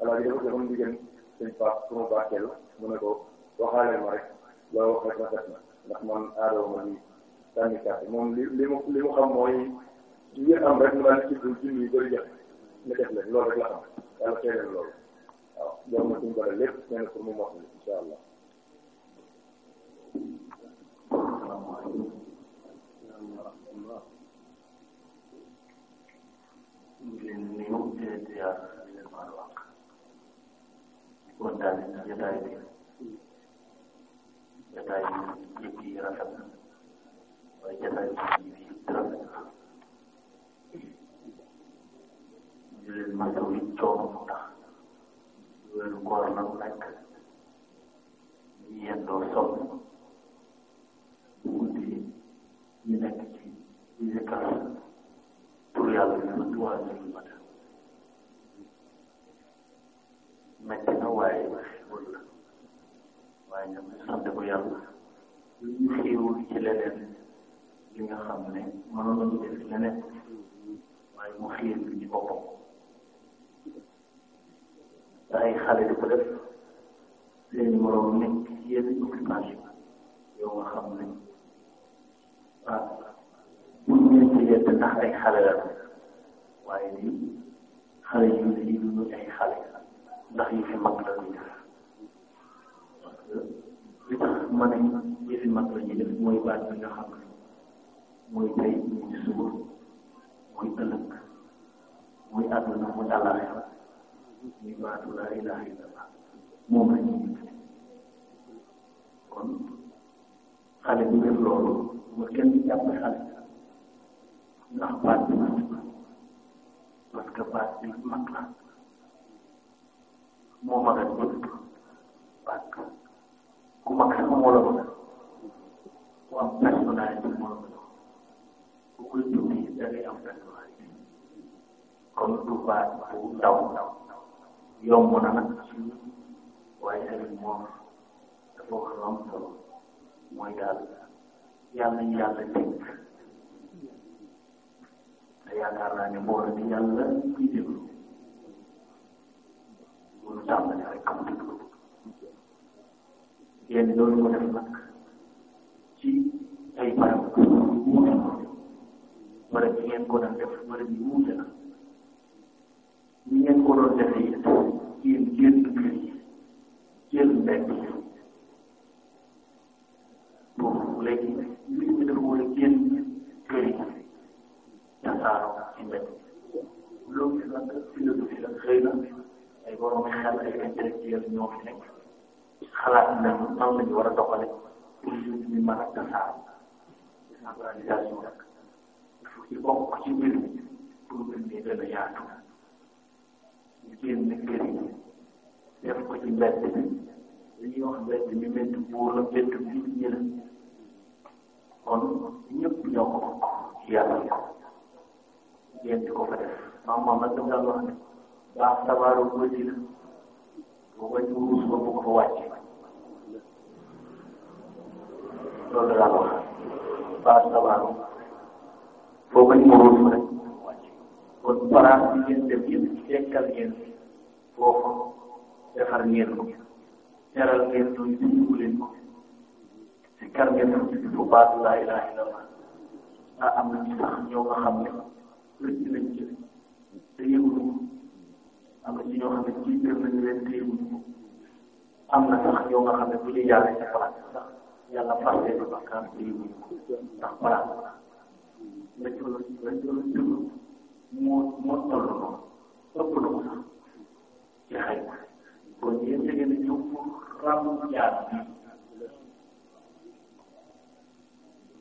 xalaat yi dafa joxoon ndigal suñ paas pour mu baaxeel mu ne ko waxaale ma rek loo wax rek rafet na ndax man aadoo ma lii sànni moom li li mu li mu xam mooy li am rek mu daan cibbul junni yu bëri jot nga def leen loolu rek la xam yàlla teelal loolu waaw jox ma suñu bëri lépp nee na pour mu mottali incha allah. kontaan nañ ci jotaay bi jotaay bi yëpp yi rafet na waaye jotaay bi yëpp rafet na ñu leen masaw yi coono mu tax weeru koor nag nekk ñu yendoo sonn bu guddi ñu nekk ci di zikkar tur yàlla ñu matuwaay ñu mata metti na waaye xéwal la waaye ñoom ñu sant ko yàlla ñu xéwul ci leneen li nga xam ne mënoon nañu def leneen waaye mu xiir bi ci boppam ay xale di ko def seen moroom nekk ci yenn occupation yow nga xam ne ah bu ñu leen ndax xale la waaye ni xale yu ne yi duñu ay xale ndax yi fi mag la ñuy def mooy baat bi nga xam mooy tey muy suba muy ëllëg muy àdduna muy àllaaxira muy baatu laa ilaaha illallah moom la ñuy def kon xale bu def loolu ma kenn jàpp xale ndax baat bi mag la parce que baat bi mag la moo mën a jënd parce que ku mag sax moo la mën a ku am personnalité moo la mën a ku koy tuuti da ngay am personnalité comme du baat bu ndaw ndaw yomb na nag waaye tamit moom dafa wax lu am solo mooy daal yàlla yàlla dénk te yaakaar naa ne mbooloo bi yàlla ciy déglu loolu tàmbali rek amul yéen loolu moo def nag ci ay barab wuute wala ñi ngeen ko doon def wala ñu wuute na ñi ngeen ko doon defee it yéen génn kër yi jël mbedd yi bon léegi mbir mi dafa war a génn kër yi tasaaroo ci mbedd loolu fi la xëy na ay borom xel ay intellectuels ñoo fi nekk xalaat nañu nan la ñu war a doxale pour ñu mën a tasaar décentralisation rek il faut ñu bokk ci mbir mi pour mbir mi gën a yaatu ñu génn kër yi
def ko ci mbedd bi li ñuy wax mbedd mi mbedd buur la mbedd nit
ñi la kon ñëpp ñoo ko bokk yàlla ko yéen di ko fa def maam moom nag dama daan wax ne ndax tabaaru guddi la boo ko jiwu suba bu ko fa wàcce loolu laa wax baax tabaaru boo ko jiwu suba rek wàcce kon paraas bi ngeen def yëpp tekkal ngeen foofu defar ngeen ko teral ngeen ko yóbbu leen ko si kar ngeen ko si bu baax laa ilaha illallah ah am na ci sax ñoo nga xam ne rëcc nañ ci te yëngu am na ci ñoo xam ne ci biir nañu leen téye wuñu ko am na sax ñoo nga xam ne bu ñu yàlla ci xalaat sax yàlla far leen bakkaar téye wuñu ko ndax balaa la jëloon la jëloon jëloon moo moo toll noonu ëpp na ko sax ci xayma kon yéen da ngeen a ñëw pour ràmm jaar bi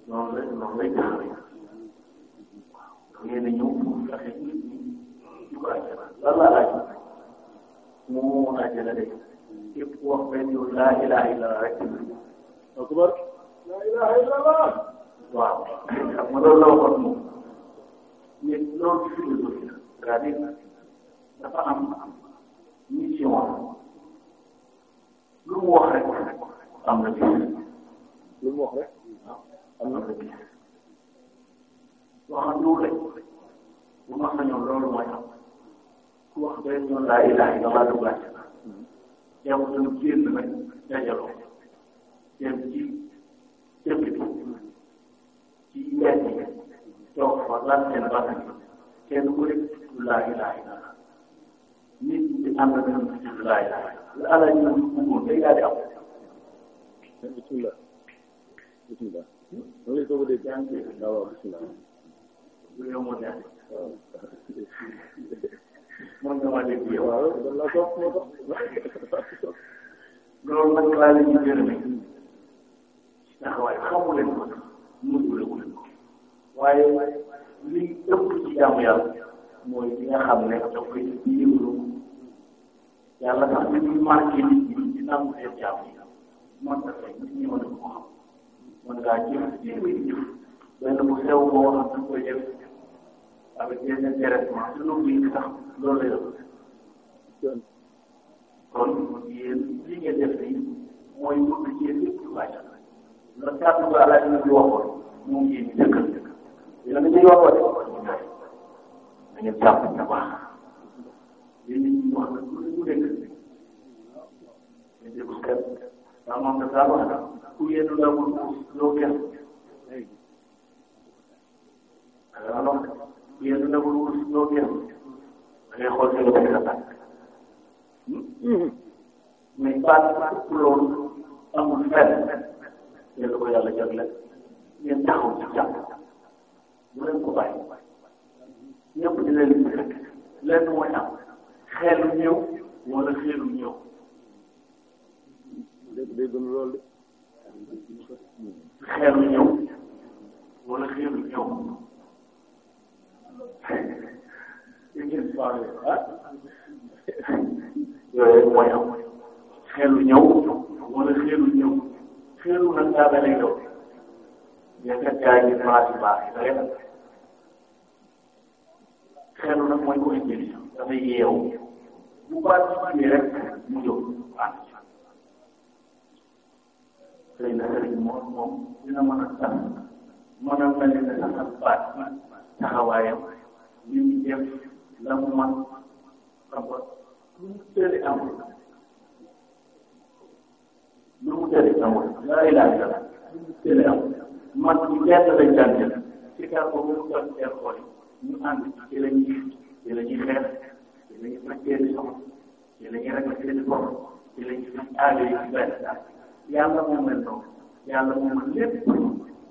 noonu la noonu lay taxawee waaw da ngeen a ñëw pour fexe nit ñi ñu ko àjjana lan laa laaj mu mun a jëlee képp ku wax benn yoon laa ilaha illallah rek. akbar laa ilaha illallah. waaw xam nga la waxoon moom. mais loolu philosophie la. c'est-à-dire dafa am mission lu mu wax rek am na bis. lu mu wax rek am na bis. waxandu rek bu ma sañoon loolu mooy am. ku wax benn yoon laa ilaaha illallaah dugg àjjana yow dañu génn nag dajaloo dem ci dëkk bi ci mbedd yi toog fa laaj seen bakkan kenn ku nekk tudd laa ilaaha illallaah nit ñi ànd ak ñoom tudd laa ilaaha illallaah ala ñu bëggoon day daal di am. bismillah bismillah loolu la soog a dégg. waaw bismillah. moom la waa déglu yow. waaw loolu la soxla loolu nag laa leen di gërëmee ndax waaye xamu leen ko mënulewu leen ko waaye li ëpp ci jaamu yàlla mooy li nga xam ne daf koy yëngu yàlla sax nit ñi marqué nit ñi dina am seen jaamu man de tey nit ñi mën ko xam mën ngaa jëf jéem a jëf benn bu sew boo xam ne koy def. avec yenn dérèglement suñu biir sax loolu la yor kon yéen li ngeen def nii mooy bëgg ci yéen ñëpp ñu wàcc ndax kàddu gi àll bi ñu waxoon mu ngi yéen dëkk dëkk yéen a ngi ñuy waxoon ñu doy da ngeen jàpp bu baax yéen ñi wax nag lu mu dëkk ñu déglu kenn daa moom da saa wax nag ku yéen lawul loo kenn alors yéen nagul wurus ñoo yem da ngay xool seen bëgg a tàkk mais baat loolu amul fenn yéen la ko yàlla jagleel ngeen taxaw ci jàpp bu leen ko bàyyi ñëpp dina leen fekk lenn mooy am xeelu ñëw wala xeelu ñëw dégg loolu xeelu ñëw wala xeelu ñëw yooyu mooy am xeelu ñëw wala xeelu ñëw xeelu nag daa ba lay doon yaakaar gaa yi baax i baax yi rek xeelu nag mooy ko indi dafay yeewu bu baax ci rek mu jóg ànd ci xëy na xëy moom moom dina mën a tax mën a mel ne sax baat taxawaayam li mu def la mu man xam nga lu mu tëri amul lu mu tëri amul laa ilaaha illa lu mu tëri amul man ñu gerte lañ jàngal ci kàr boobu mu doon école ñu ànd ci la ñuy ci la ñuy xeex ci la ñuy faj seeni soxla ci la ñuy ragal seeni bopp ci la ñuy faj aajo yi benn yàlla moo mel noonu yàlla moo mën lépp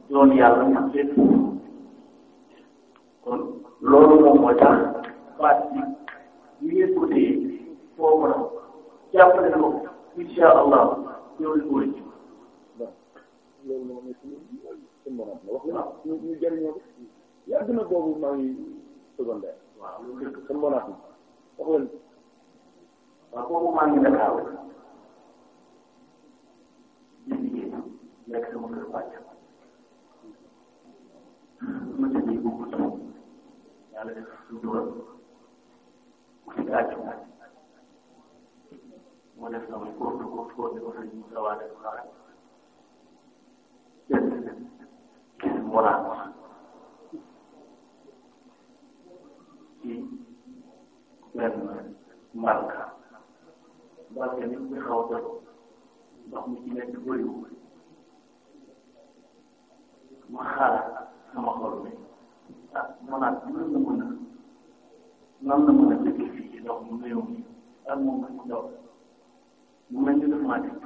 doon yàlla mën lépp kon loolu moom mooy tax baat bi ñu ngeen ko téye foo allah ñoo ngi koy loolu moom mooy suñu suñu borom la na ñu ñu jëriñoo ko yàgg na boobu maa ngi secondaire. waaw loolu lépp suñu borom wax yàlla def sutura mu ci gàccu mu def na muy góor góor góor ni ko sëñ Moussa Wade waxee jënd gis moraan ci benn mbalka mbalka ni muy xaw a doy ndox mi ci nekk bëriwul ma xalaat sama xol mi ah maanaam noonu la mën a noonu la mën a dëkk fii ci ndox mu réew mi ak moom ak ndox mu mel ni daf maa dëkk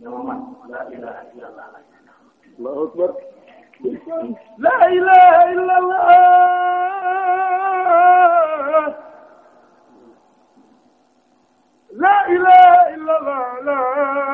dama man laa ilaha illa allah allahu akbar laa ilaha illa allah
laa ilaha illa allah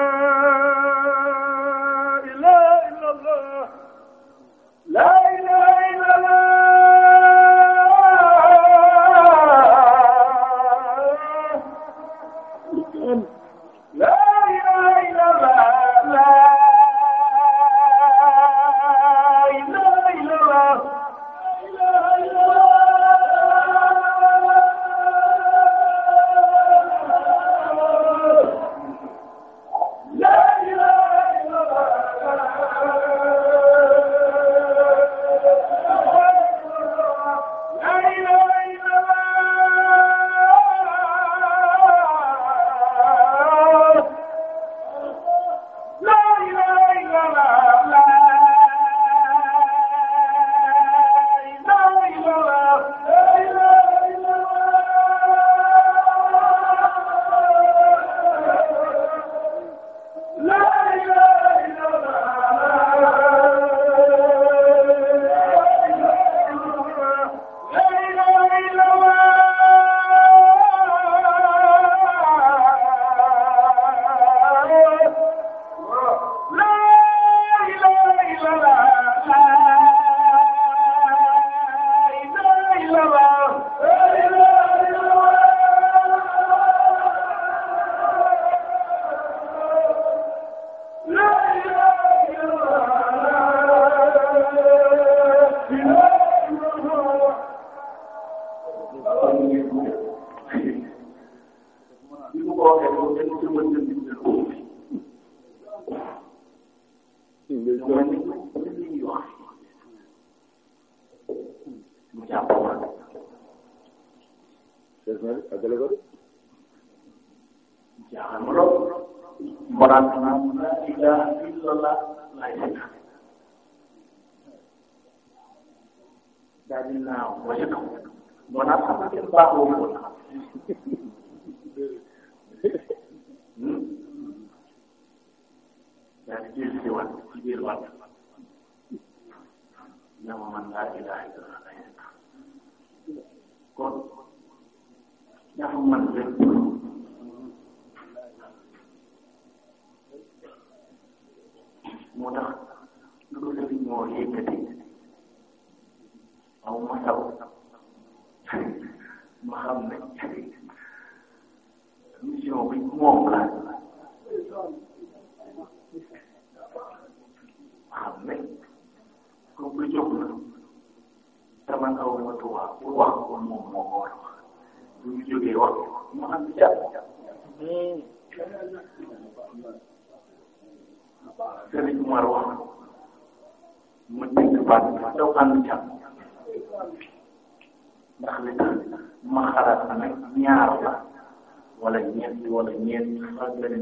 dellu si waat ci biir man laa ilaha illallah la yegg kon dafa man lépp moo tax lu la moo yëkkati aw ma saw ma xam ne mission bi moom la waaw mais kooku jóg na dama aw ma tubaab pour wax ko moom moo ko war a wax bu ñu jógee wax mu am jàpp Serigne Umar wax ma dégg baat ma daw am jàpp ndax li tax ma xalaat nag ñaar la wala ñeent wala ñeent xalaat benn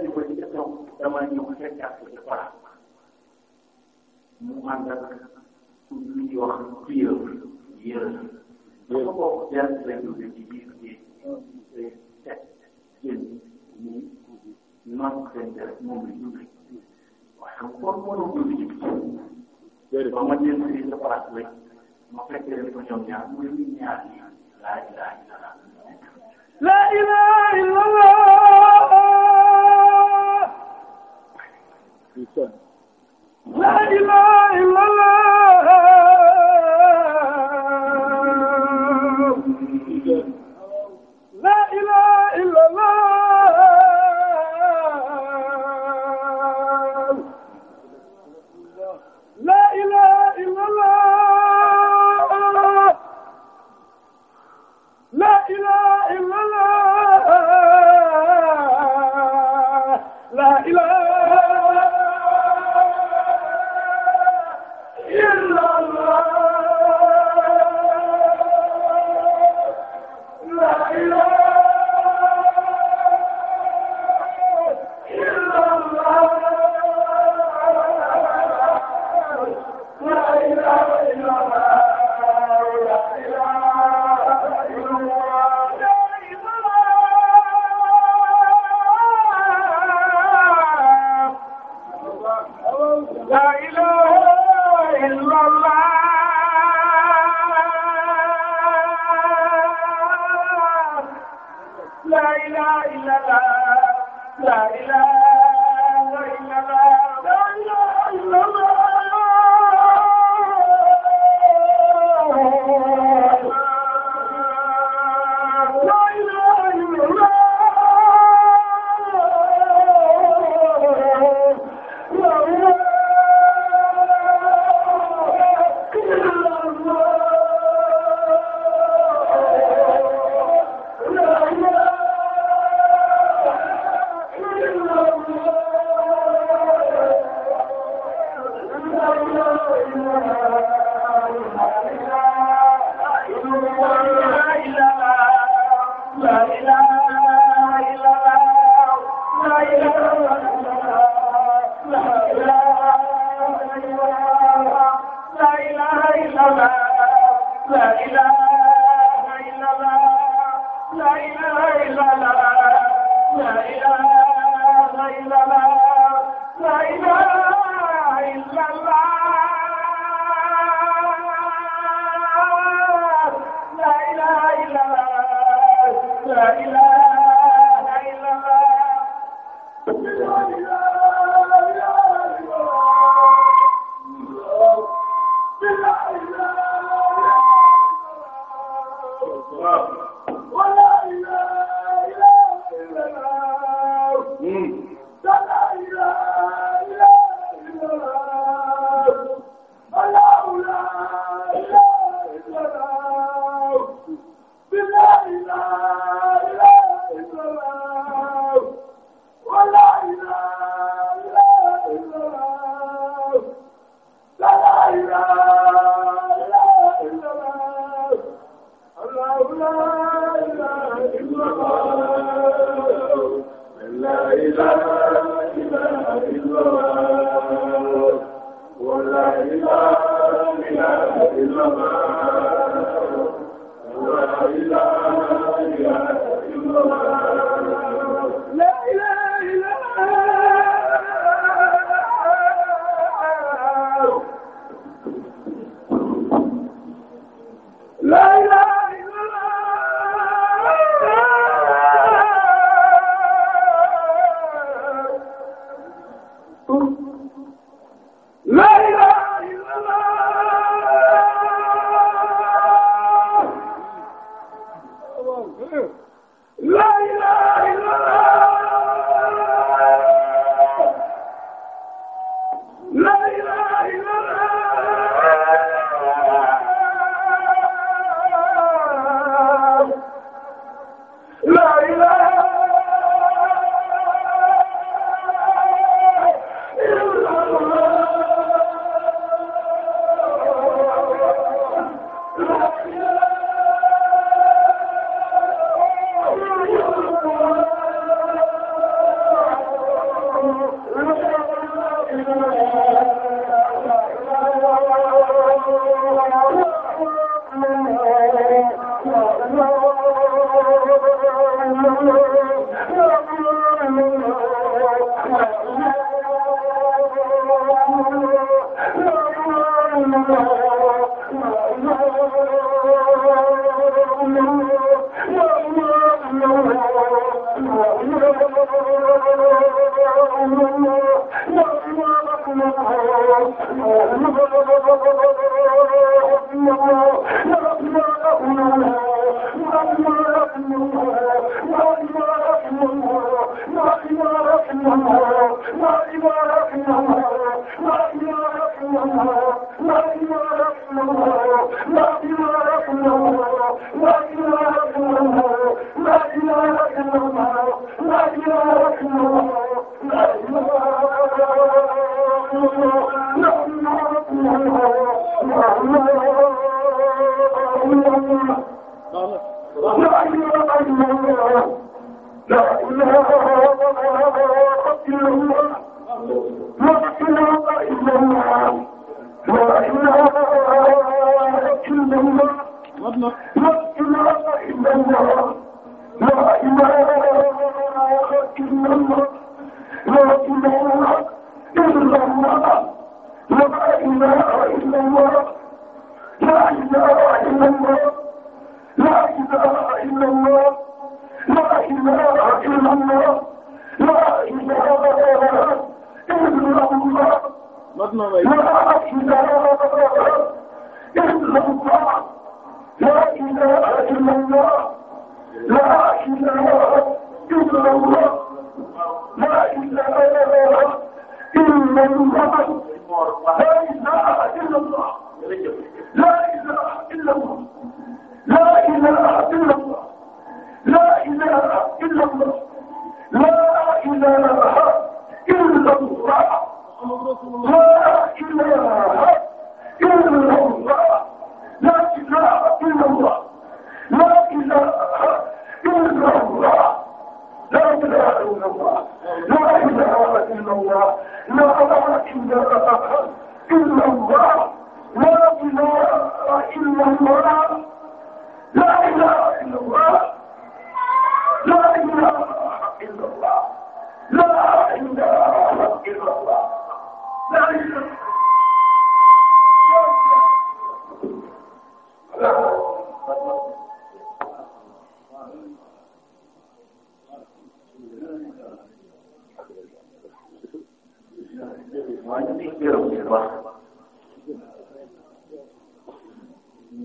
ci question dama ñëw xeet ak ci xalaat mu ànd ak lu ñuy wax pire yëre dafa bokk benn benn ci biir bi set jën ñu non seen def moom la julli waaye kon mënoo julli ci biir ba ma jël si séparate la ma fekk leen ko ñoom ñaar mu ne ñaar yi laa ilaha illallah
laa ilaha illallah Laa ilaaha illallaah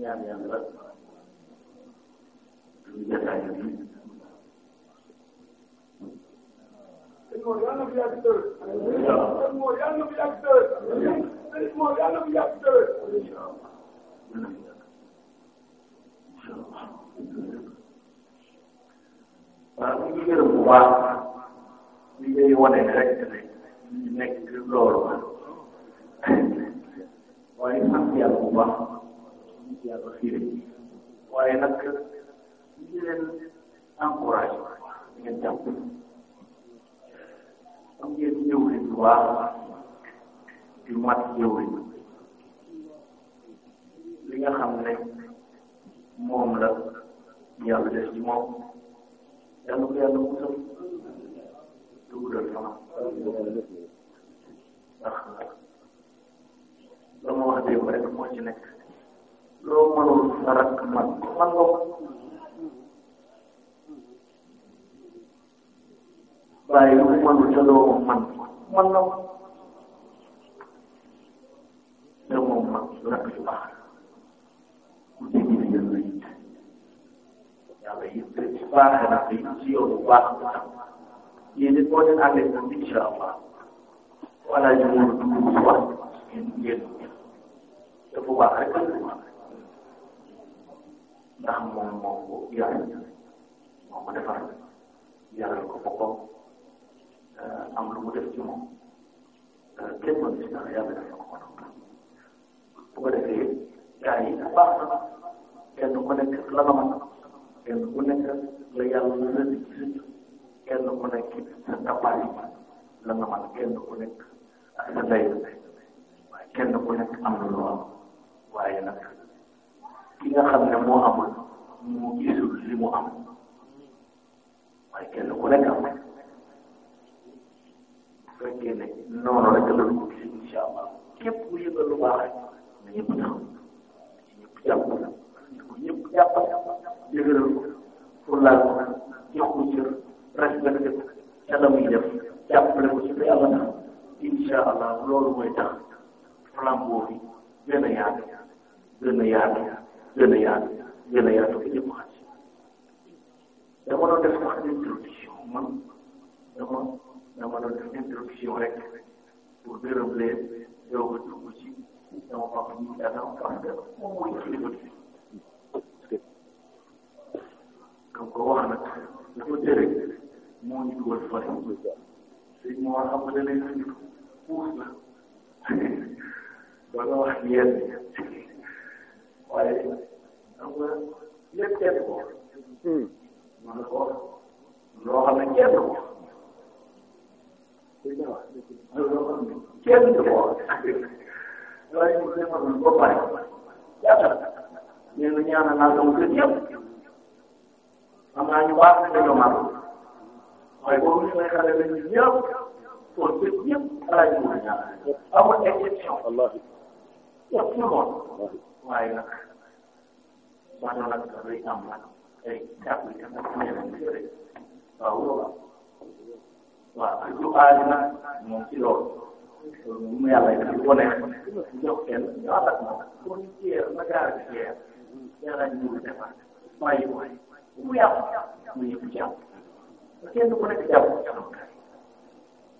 ñaan yàlla suñu jataay bi sëñ Mor yàlla na fi yàgg tëwër. sëñ Mor yàlla na fi yàgg tëwër. sëñ Mor yàlla na fi yàgg tëwër. waaw ñu ngi gërëm bu baax ñu ngi wane rek nekk loolu waaye sant yàlla bu baax. yàlla xiire waaye nag ñu ngi leen encouragé ngeen jàpp am ngeen jëwriñ bu baax di mat jëwriñ li nga xam ne moom la yàlla def ci moom yàlla ko yàlla musal duudal fan ndax la ma wax dégg rek moo ci nekk loo mënul sa rakk man man nga ko bàyyi lu mënul sa loo man man nga ko te moom man rakk yu baax mu dégg ni yàlla it yàlla it ci baaxee na fi ci yoonu baax bi tam yéen it moo leen àndee tam incha allah wala ñu mën a dugg wax ngeen ngeen dafa baax rek ndax moom moo ko yore moo ko defar yaral ko boppam am lu mu def ci moom kenn mën si dara yàlla def ko bu ko defee gaa yi baax na kenn ku nekk la kenn ku nekk la yàlla la di gis kenn ku nekk sa capacité kenn ku nekk ak kenn ku nekk am na loo am waaye nag ki nga xam ne moo amul mu gisul li mu am waaye kenn ku nekk am ne noonu rek la ko gis incha allah képp ku yëngal lu baax rek na ñëpp taxaw ñëpp jàpp na ko ñëpp jàpp yëgalal ko pour laal ko jox ko cër respecté ko allah loolu mooy tax flambeau bi gën a yaatu gën a yaatu gën a yaatu gën a yaatu ki ñëpp xaj dama doon def sax introduction man dama dama doon def introduction rek pour gërëm leen doog a dugg ci dama papa ñu daanam parce que moom mooy kilifa bi comme ko wax nag dafa tere moo ñu dugal fari sëñ moo war xam nga da lay suñu puus la ba nga wax yenn waaye xam nga lépp kenn ko. man ko loo xam ne kenn ko. kenn ko. waaye ñu ne ma ko pare. yaakaar ne ñu ñaanal naa ko gën yëpp. am naa ñu baax ñu ñoo màgg. waaye boobu ñu may xale la ñu ñëpp. pour gën yëpp xalaat ñu ma ñaanal. amul exception. ëpp na moom waaye nag wax na nag luy am nag ay kàpp yi tam nee na rek waaw waaw ak lu aali nag moom ci loolu loolu moom yàlla def lu ko neex jox kenn ñu ànd ak moom pour ñu jeex na gaar bi jeex yàlla ñu mën a defar waaye waaye mu yàqu mu yëpp jàpp kenn ku nekk jàpp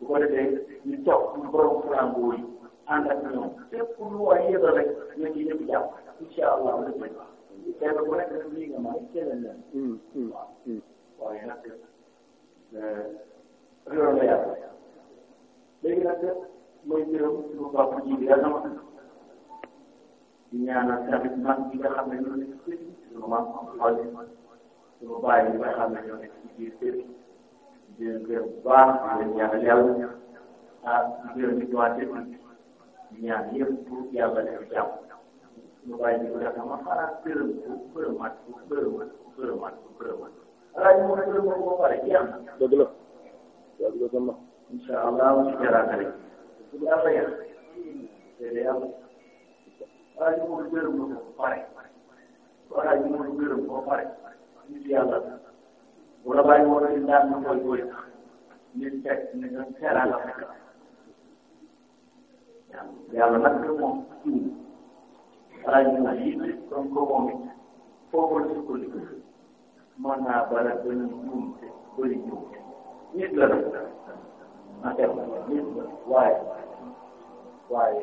bu ko defee ñu jàpp ñu borom flambeau yi ànd ak ñoom fépp lu waay yëgal rek na ci ñëpp jàpp incha allah lu may wax kenn ku nekk nag lii nga may keneen la waaw hmm. waaye nag loolu eh, la yàlla léegi nag mooy mbiram lu baax ji bi yàlla ma di ñaanal tamit man bi nga xam ne ñoo nekk ci suñu maam am xol suñu bàyyi bi nga xam ne ñoo nekk ci biir kër di leen gërëm bu baax di leen ñaanal yàlla ah di gërëm di ñëwaat ñaar yëpp yàlla def jàmm ñu bàyyi ñu def ma xalaat bërëm ko bërëmaat ko bërëmaat ko bërëmaat ko bërëmaat alaaj mo bërëm ko ba pare jeex na dëgg la dëgg la sama insha allah ñu jaraata rek yàlla ya déedé yàlla alaaj mo bërëm ko ba pare alaaj mo bërëm ko ba pare nit yàlla bu la bàyyi woon daal na koy koy nit teg ne nga seeraat la yàlla nag lu moom jiw balaa ñu jiite doon ko moom it foofu la sukkandiku mën naa bala ba ñu juumte bëri juumte nit la nag ma dem nit la waaye waaye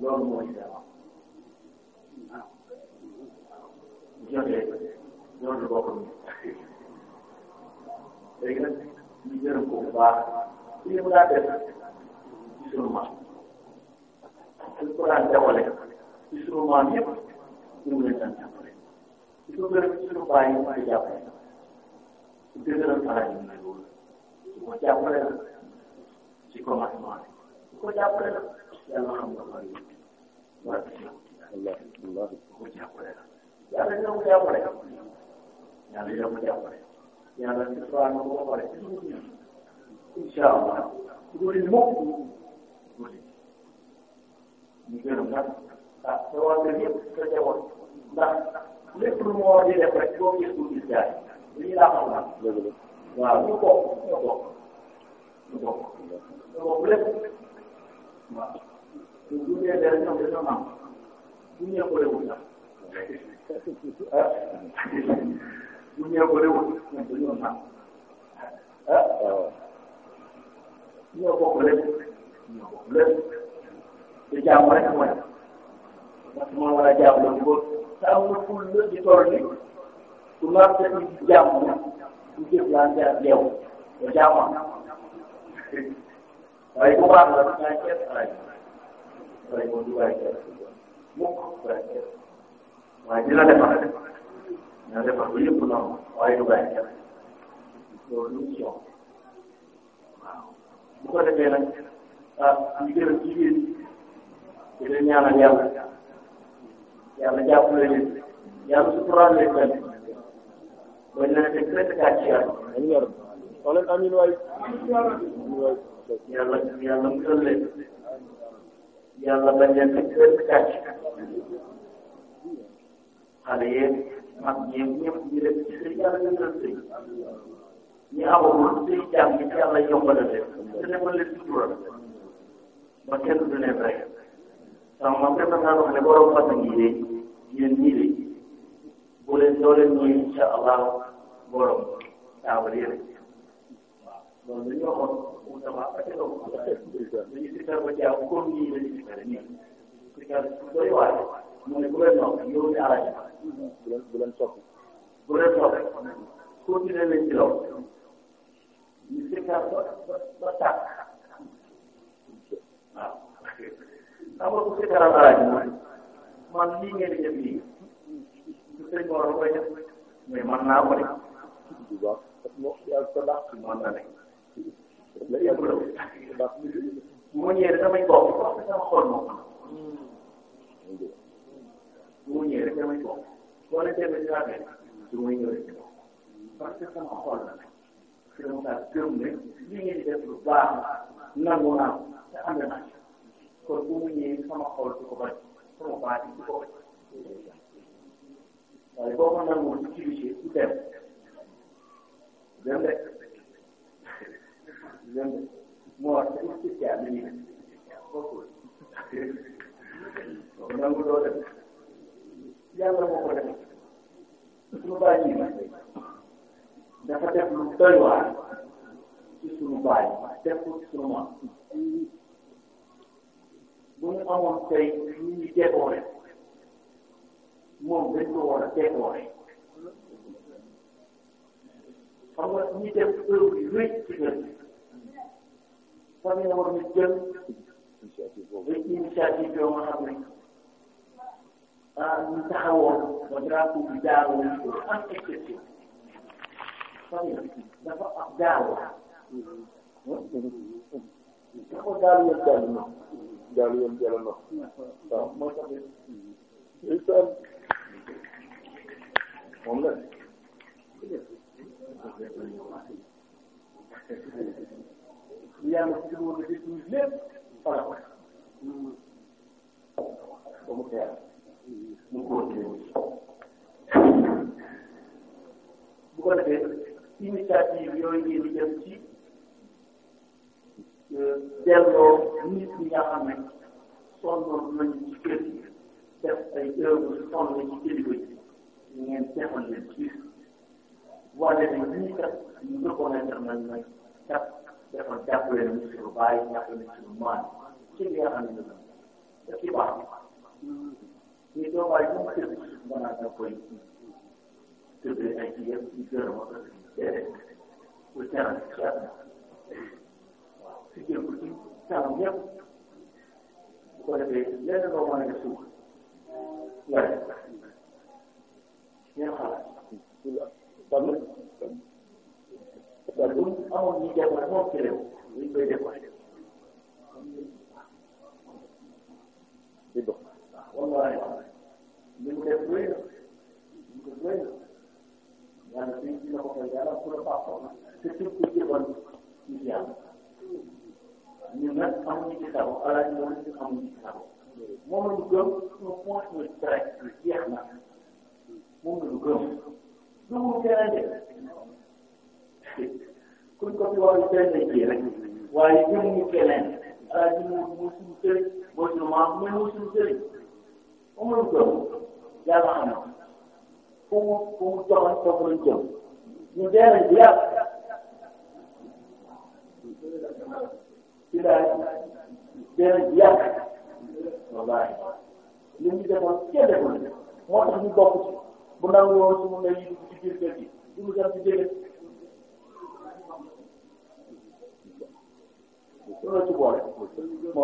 loolu mooy dara jotee loolu bokk léegi nag ñu jërëm ko bu baax lii mu daa def sunu ma dañ ko daan jawwale ci suñu maam yëpp ñoom lañ daan jàppale ci suñu gërëm ci suñu bàyyi ñu koy jàppale su dëgëral fara ñu ne loolu su ko jàppale la ci commencement su ko jàppale la yàlla xam nga bari war na su ko jàppale la yàlla dina ko jàppale yàlla dina ko jàppale yàlla ci suñu bàyyi ñu ko xoolee incha allah ñu gërëm nag ah te wàllu yëpp te teewoon ndax lépp lu mu war di def rek doo gis lu gis jaay li ñu laa xam nag. waaw ñu bokk ñu bokk ñu bokk ñu bokk lépp waaw bu dee dara ñoom dañoo am bu ñu ñëw réewul sax ah bu ñu ñëw réewul ñoom dañoo am ah ñoo bokk lépp ñoo bokk lépp. di jaamu rek mooy ndax moo war a jaamu loolu boobu saa mu ful la di toll nii pour nga xam ne di jaamu du jëflante ak yow nga jaamu waaye bu baax la dañu naan ceeb xalaat waaye moom du bàyyi ceeb mukk bàyyi ceeb waaye dina defar dina defar ba yëpp noonu waaye du bàyyi ceeb loolu mission waaw bu ko defee nag ah ñu gërëm jigéen di leen ñaanal yàlla yàlla jàppale leen yàlla suturaal leen ba ñu leen di gërëm kàcc yàlla. amiin amiin waay yàlla yàlla musal leen
yàlla bañ leen di
gërëm kàcc xale yeeg mag ñeeg ñëpp ñu def ci sëy yàlla ñu doon sëy ñi amagul sëy jàng yàlla yombalal leen te defal leen sutura ba kenn du leen rek. Ramante fana fana bɔra fana yire ye miiri
bole dole ni insha Allah
bɔra tawari yɛrɛ bon ni yɔrɔ o dama a tɛ dɔn ni ti ka bɔ ja ko ni yɛrɛ ti ka ni ti ka dɔ ye wa mun ko no yo ni ala ya bulan bulan sok bulan sok ko ni ne ti lo ni ti ka dɔ ta ndax boo ko siy dara alaaji mooy man lii ngeen di def lii su sëñ bi waroon koy def mais man naa ko def man na ne bu ma ñëwee damay bokk parce que sama xol moo bu ma ñëwee rek damay bokk boo leen demee ci affaire bi du ma ñëwee ci bokk parce que sama xol la nag c'est mon cas gëm ne lii ngeen di def lu baax nangu naa te am na kon bu mu ñëwee sama xol du ko bañ sama baat du ko bañ waaye boo ko nangoo utilisé du dem dem rek dem rek moo wax dañu spécial li ñu bokkul nangu doo dem yàlla moo ko def suñu baay yi dafa def lu doy waar ci suñu baay def ko ci suñu maam bu ñu amoon tey ñu ngi décorer moom dañ ko war a décorer xam nga ñi def heure yu rëy ci kër gi fan nga war ñu jël rek initiative yoo nga xam ne ah ñu taxawoon ba drapeau bi jaaroo ñu ko am exception fan dafa am jaaroo. dafa jaaroo jaaroo. daal yoon jëla ndox waaw moo tax isaan moom la yàlla si woon na def ñu lépp fara ba mu teel mu ko bu ko defee initiative yooyu ngeen di dem ci delloo nit ñi nga xam ne sonnoon nañu ci kër gi def ay œuvre sonn ci kilifa yi ngeen defoon leen ci wane ne ñii kat ñu njëkkoon a def nañ mooy kat dafa jàppale ñu si lu bàyyi jàppale ñu si lu maan ci li nga xam ne da ci baax ñu doobaay ñu kër mën a da koy tëbee ay ci yëpp ci gërëm ak déedéet ku teral ci si jël ko ci saabu ñëpp bu ko defee lenn loo mën a def suuf nga def ñeent xalaat. kon kon bu amoon ñu jàpp moom ci réew mi ñu koy def waaye def. di dox wallaay li mu def doy na li mu def doy na yàlla dina ko fay yàlla pour la baaxoon surtout pour jëfal ci yàlla ñun nag amuñu ci xaw ala ñu doon ci amuñu ci xaw moom la ñu gëm un point de traite jeex na moom la ñu gëm donc keneen de kuñ ko fi waxee keneen de rek waaye gëmuñu keneen ala ñu mu mu suñu sëriñ boo ñu maam mu mu suñu sëriñ moom la ñu gëm yàlla xam na fu mu fu mu joxoon foofu la ñu jëm ñu dee la jeex ci la benn yàq wallaahi li ñu defoon kenn deful moo tax ñu bokk ci bu nangu woon su mun a yëngu ci biir kër gi du mu dem ci jege loolu ci boole moo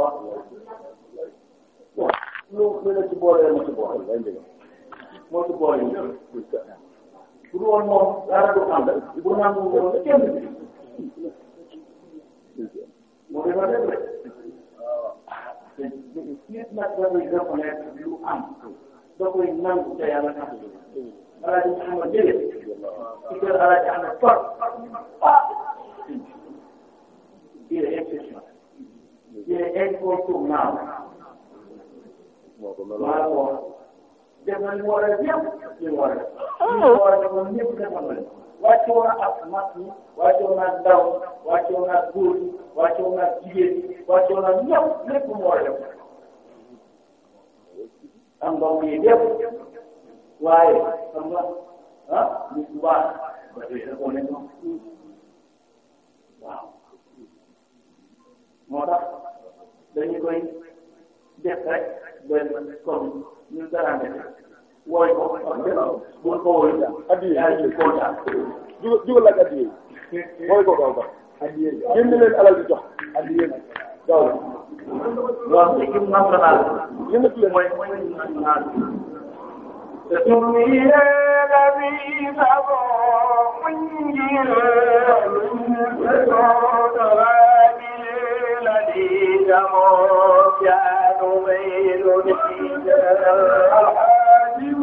wax lu la ci boole moo ci boole moo ci boole yi bu woon moom dara du ànd bu nangu woon kenn moo demal lépp rek nit nag da koy reconnaître lu am da koy nangu te yàlla tax alaaji Mouhamed Ndieguene ci kër alaaji Ahmed Toll ah il est exceptionnel il est incontournable maa ko def na li mu war a def li mu war a def li mu war a def ñëpp defal na wàccoo na ak mag ndaw wàccoo na ak góor ñi wàccoo na ak jigéen ñi wàccoo na ñëpp lépp waaye xam nga ah lu bu baax ba tey rek wane ñoom waaw moo tax dañu koy def wooy ko wax dëgg yàlla bu ko wooyee daal. addiye jugal jugal ak addiye wooy ko gaaw gaaw. addiye génn leen alal di jox. addiye gaaw waaw équipe nationale. yéen a tuddee mooy mooy nationale.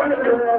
محمد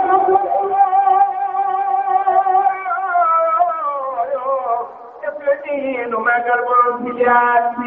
nu magal borom bi jaar bi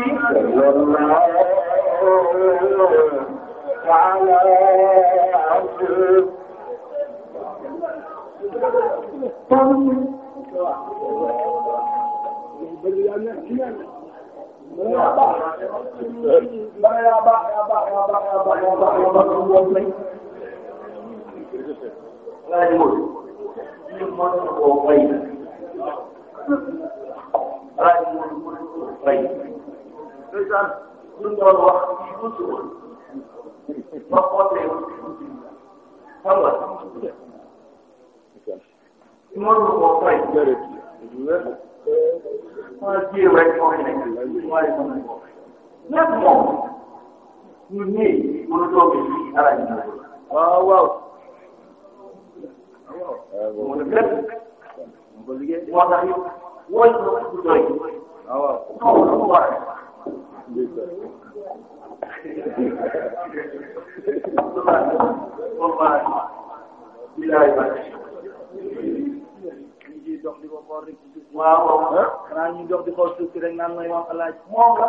Thank you. rajo Mawla Mbaye. président bu ñu doon wax fii bu suba ba xoolee xam nga. Mawla Mbaye. waaye jéem rek moo fi nekk waaye moom lañ ko. lépp moom ñun ñii mënu toog fii rajo Mbaye. waaw waaw. waaw. moo tax wọ́n ti lọ sí ìjọ yìí. dox di ko xool rek. waaw waaw. xanaa ñu dox di xool suuf si rek naan mooy wax laaj. moom la.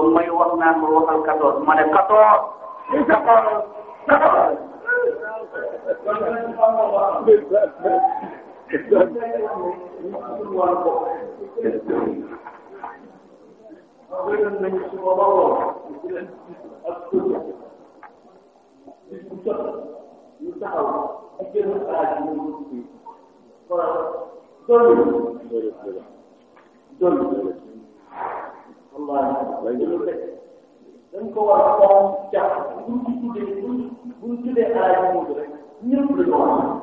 ba may wax naan ma waxal
quatorze ma ne quatorze quatorze
quatorze
waaye jëloon rek dañ ko war a xool jàpp bu ñu tuddee bu ñu tuddee alaay mu rek ñëpp la ñu wax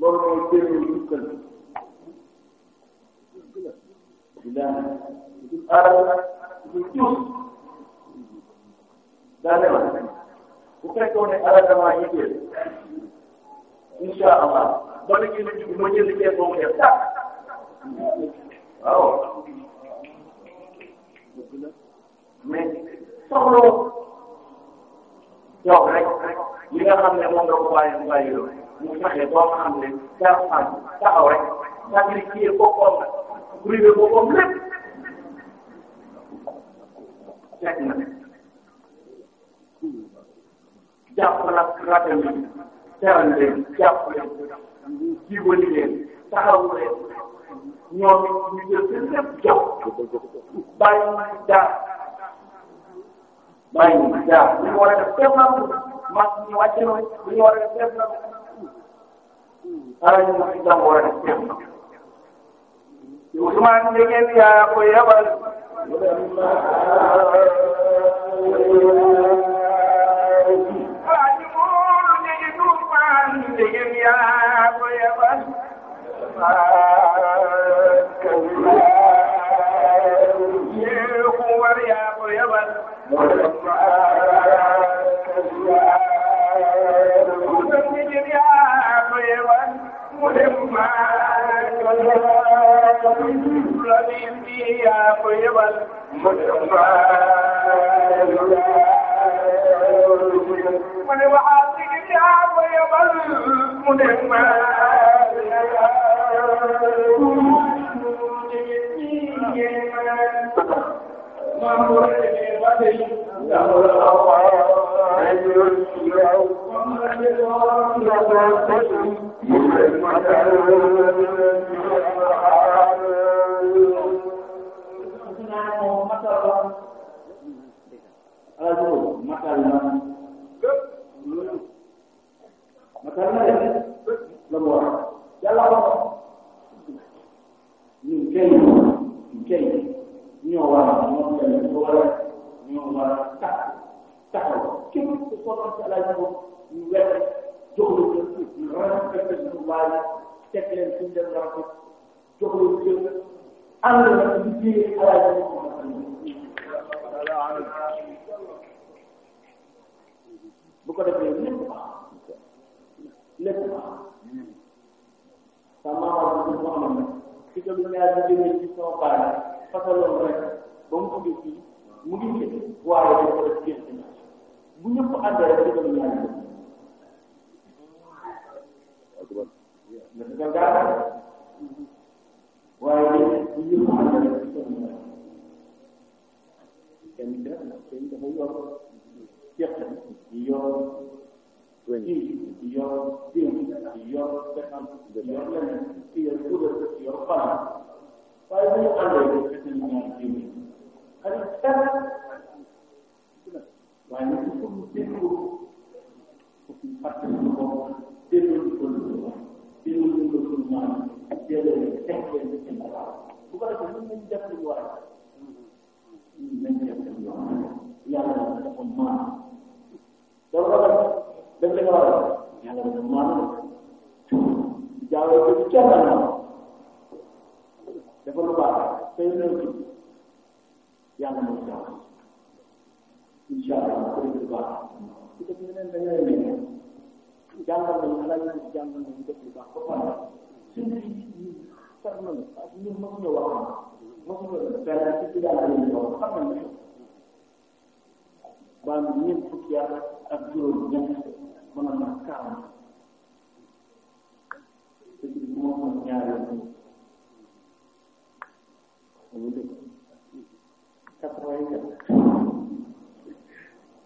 loolu mooy déglu sukkal bilaay suñ aadama suñ tuus daane la bu fekkoon ne aadama yi jël insha allah ba la gën a jug ma jënd kee boo xeeb waaw mais soxloo yow rek li nga xam ne moom la ko bàyyi bàyyi mu fexe ba nga xam ne caa taxaw rek sacrifié boppam la privé boppam lépp fekk na jàpp la rajo bi teral leen jàpp leen jiwali leen taxawu leen ñoom ñu jël seen lépp jox bàyyi daal bàyyi daal li ñu war a def def na mag ñu wàcc na li ñu war a def def na ala ñu wax itam war a def def na
Ousmane ngeen yaa ko yabal mu ne waxaat matal na
la mu wax yàlla wax ní ìkẹyìn ìkẹyìn ní ọwọ́ àwọn ọmọdé tó wọlé ní ọwọ́ táà táà kí wọn ti sọ fún ṣàlàyé wọn ìwé jókòó tó ti ìrọ̀lẹ́ pẹpẹ tó wáyé tẹkẹlẹ tó ń dẹ lọ sí jókòó tó ti àwọn ọmọ tó ti di aláyé wọn. bu ko defee lépp baax lépp baax sama maam digal lu yàlla jógee ci sama baaraam fasaloon rek ba mu jógee fii mu ngi ci waaye dañ ko def génn bu ñëpp àndee rek digal lu yàlla jógee waaye bu ñëpp àndee rek digal lu yàlla kenn dafa yor ceeb yor oui yor diim yor pexe yor leneen yor puudar yor fan waaye bu ñu àndee fekk nañu ñaar diim yi xale dara waaye nag il faut ñu déglu ko fàttali ko déglu ko lu ko déglu ko lu maanaam déglu ko lu bu ko defee mën nañu def lu war a mën nañu def lu war a yàlla dafa maanaam def li nga war a def yàlla na maanaam jaawee ko ci kenn na dafa lu baax tey ñëw ci yàlla na jaaw incha allah ko def lu baax ci def ñeneen da ngay ne jàngal nañu xalaat nañu jàngal nañu def lu baax ba pare suñu far nañu parce que ñun mënuñu wax mënuñu faire ci ci yàlla ñu wax xam nañu ba ñeent fukki ak juróom ñeent mën a nag quarante te ci moo xam ñaari ñu dëkk quatre-vingt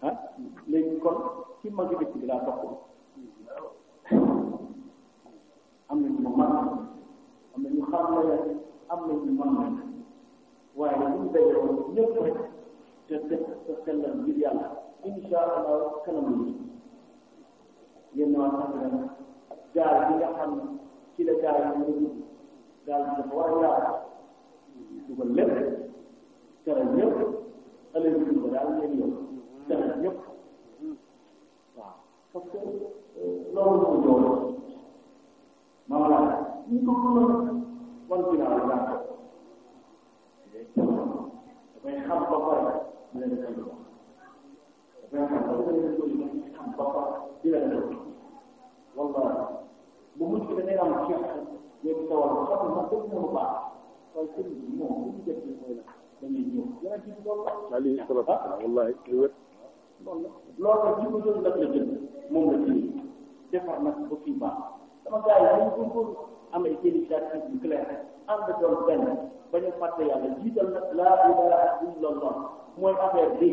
ah léegi kon ci magi dëkk bi laa topp am na ñu mën am na ñu xam ne am na ñu mën na waaye bu ñu dajewoon ñëpp rek te te te sellal ngir yàlla insha allah kanam yéen waa Sànqal ak gaal bi nga xam ci la gaal yi ñu ngi gaal bi dafa war a yaatu dugal lépp teral ñëpp ëllëg bi ko daal leen yow teral ñëpp waaw parce que loolu moo jox la maanaam laaj ñu ko mënoon wan ci laa la dafay xam ba pare di leen xam dafay xam ba pare di leen xam ba pare di leen wala bu mujj da ngay am jeex léegi tawal ba xam nga dëgg na lu baax waaye sëñ bi moom bu ñu def nii mooy la dañuy ñëw yeneen ci loolu la. alayhi salaam wallahi lu wér. loolu la loolu la daf la jël moom la jëlee defar nag ba fii baax sama gars yi dañu góorgóorlu am ay initiative yu clair ànd doon benn bañ a fàtte yàlla jiital nag laa ilaha illallah mooy affaire bi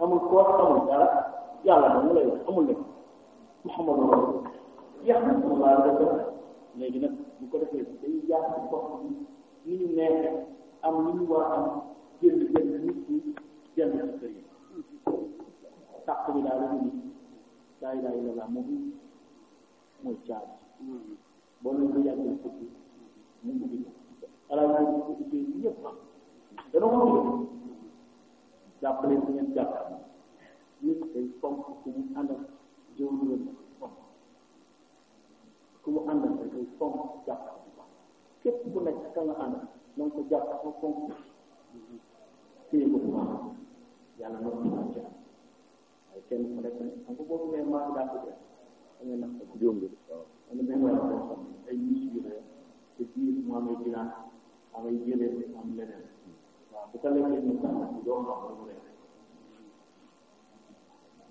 amul koo amul dara yàlla dong lay wax amul nekk Muhammadu rasul yàlla sallallahu alayhi nag bu ko defee day yàq bopp bi ni ñu neex am ni ñu war am jënd jënd nit ñi jënd ci kër yi tàq bi daal la ñu laa ilaaha illallaah moom mooy caabi boo leen ko yàggee fukki mu ngi ko alaay ko ubbee yëpp danoo ko jàppale nit day fonk ku mu àndal jëwriñ la fonk ku mu àndal rek day fonk ku nekk ka nga àndal na nga ko jàpp ko fonk bu baax yàlla na ko mën a waaye kenn ku nekk xam nga boobu nee maa ngi ko def da ngay nax ko jóg man de même wala boo xam ay ñuy yu ne te biir mu amee mu nekk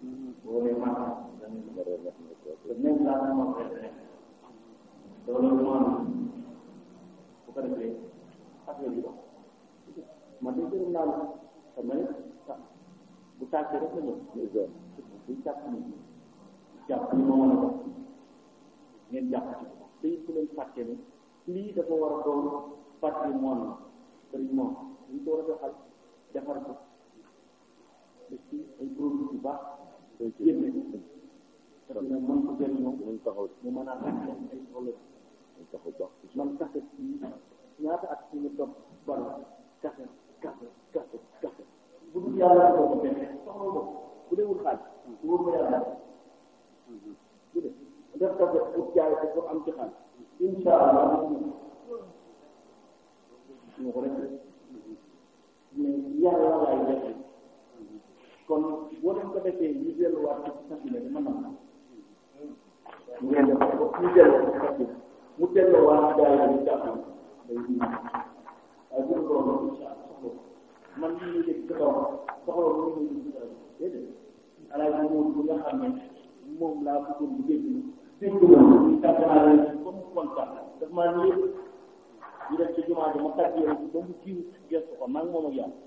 वो निर्माण कितने साधन और रहते हैं तो निर्माण उतर के अपने मटेरियल नाम समय विचार करेंगे लोग विचार करेंगे क्या परिमाण ये क्या te it ku leen fàtte ne lii dafa war a doon patrimoine patrimoine ñu ko war a defar defar ko def ci ay produits yu baax mën ko jëriñoo mën taxaw mu mën a ay problème mën taxaw baax man kafe ñaata at si ñu topp bala kafe kafe kafe kafe bu dul yàlla ko ko benn soxla ko bu dee wul xaalis wóor ma yàlla bu dee def kafe pour jaay ko pour am ci xaalis insha allah ñu ko rek mais yàlla laay def kon boo leen ko defee ñu delluwaat ci fasile bi mën na am ñu leen def ko ñu delloo ci fasile mu delluwaat daal di jàppal day ñu waaye bu ko doon incha allah man ñu ngi dégg ci kaw soxla lu ñu ngi déedéet alaay bu mu nga xam ne moom laa bëggoon di dégg dégg ma ñu tàggatoo leen comme kontaan daf maa lépp ñu def ci jumaa ji ma tàggee ba mu jiw gëstu ko maa ngi moom ak yàlla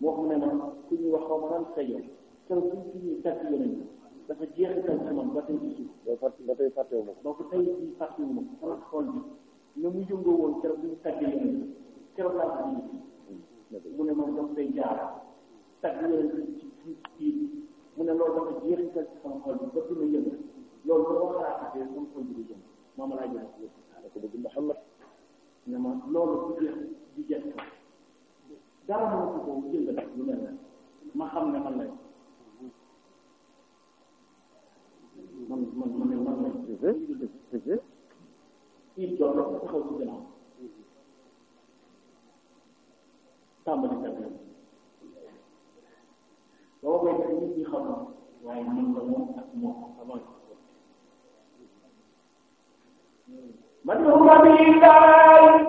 wax mu ne ma ku ñuy wax xaw ma naan sa yoon keroog bu ñu fi ñuy tàgg yeneen yi dafa jeexital ci man ba tey ci suuf. ba fàtt ba tey fàttewu ma ko. ba tey jii fàttewu ma ko sama xol bi na mu yëngoo woon keroog bu ñu tàgg yeneen yi keroog laa ko indi mu ne ma daf day jaar tàgg yeneen yi ci ci mu ne loolu dafa jeexital ci sama xol bi ba dina yëngu loolu boo ko xalaatee sama xol bi di yëngu moom laa jëlee. ko bëgg Muhammad ne ma loolu du jeex du jeex dara ma ko ko jël la lu mel ne ma xam ne man lay man man man man man it jox la taxaw ci ginnaaw tàmbali kàddu boo koy def nit ñi xam na waaye man la moom ak moom avant
man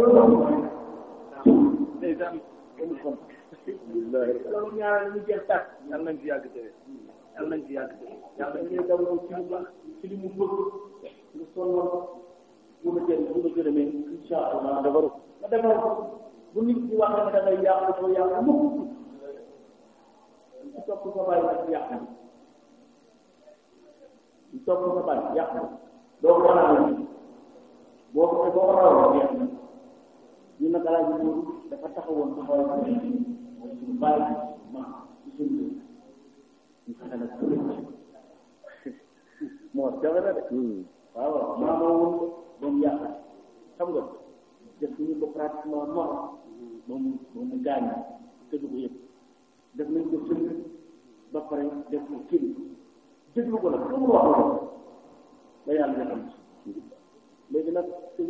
yàlla nañ fi yàgg tëddee yàlla nañ fi yàgg tëddee yàlla nañ fi yàgg tëddee ci li mu bëgg lu sonal bu ma jëlee bu ma jëlee incha allah defaru ma defaru bu nit ñi wax ne da ngay yàqu soo yàqu mukk ñu topp ko bàyyi yàq ñu topp ko bàyyi yàq doo ko waral boo ko boo ko waral yàq ñu nag alaaji Moodu dafa taxawoon taxawaay bu nekk mooy suñu bàyyi maam ci suñu réew ñu fexe moo jafe hmm. ba mu yàq xam nga def nañu ko pratiquement mor moom moom ko yëpp def nañ ko sëñ ko kii déglu ko nag comme waxoon ba léegi nag sëñ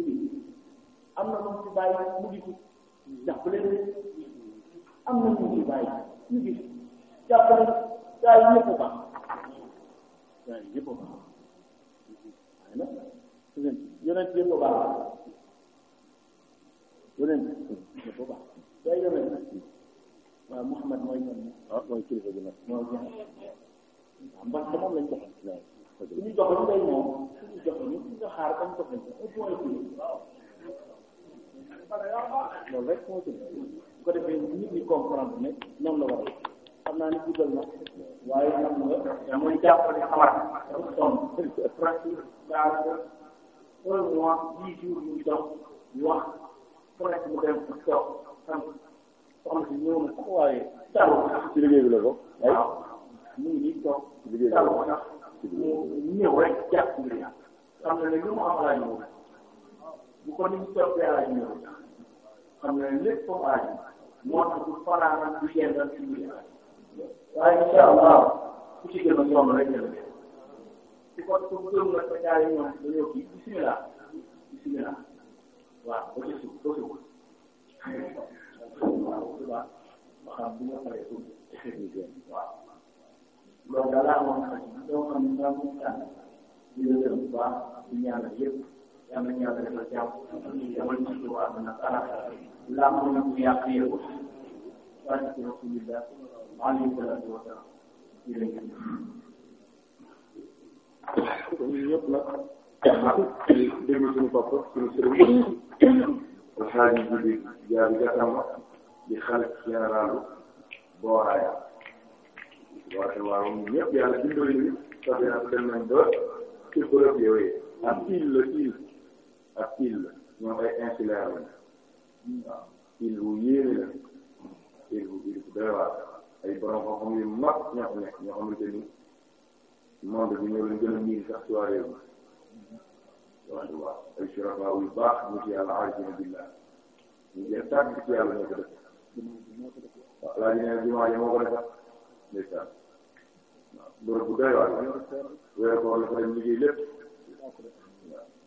am na lu mu ci bàyyi mu gis jàpp leen am na lu mu ci bàyyi mu gis jàpp leen gaa yi ñëpp baax gaa yi ñëpp baax waaye nag yonent yëpp baax yonent yëpp baax gaa yonent waaw Muhammad mooy ñoom ah mooy kilifa bi nag mooy ñoom mbax moom lañ joxe su ñu joxe ñu lay moom su ñu joxe ñu ñu xaar bañ joxe ñu loolu rek moo ci bu ko defee nit ñi comprendre ne noonu xam naa ni guddal na waaye xam nga mooy jàppale xamara son presque daanaka un mois dix jours ñu si ñëw waaye talu sax ci liggéey bi la ko waaw nii toog talu sax mu ñëw rek jàpp mbir xam mu am laa bu ko nit toppee aaj ñoom xam ne lépp foofu aaj moo tax du faraana du yenn ak suñu aaj waaye incha allah ku ci gën a yomb rek dana dem su ko su gëm nga sa jaay ñoom dañoo kii bisimilah bisimilah waaw ba ci suuf ba suuf waaw suba ba xam bu nga paree suuf waaw loolu daal laa amoon xam ne doo xam ne daa moom tànn di la gërëm bu baax di ñaanal yëpp yal nañu yàlla defal jàmm defal ñu suñu waa nag alaaka laa ko ñu yàq yëngu parce que rasulillah alayhi salaatu wa salaam jërëjëf ñun ñëpp nag déglu suñu papa suñu sëriñ alxaaji jili jaar gatama di xale jaaraalu booraaya waaye waaw ñun ñëpp yàlla dimbali ñu parce que dem nañ ba ci bërëb yooyu ak il la il ak il la ñoom ay insulaire lañ il bu yéeme la il bu il bu doy waar ay borom xam-xam yu mag ñoo fi nekk ñoo xamante ni monde bi ñoo leen gën a miin sax ci waa réew mi waaw waaw ay surafa yu baax ñu ci yàlla arjuna billah ñu jël tàgg ci yàlla ñoo ko def waaw laa ji nee jumaa ji moo ko defar ndeysaan waaw bërëb bu doy waar weer ko wala ko dem liggéey lépp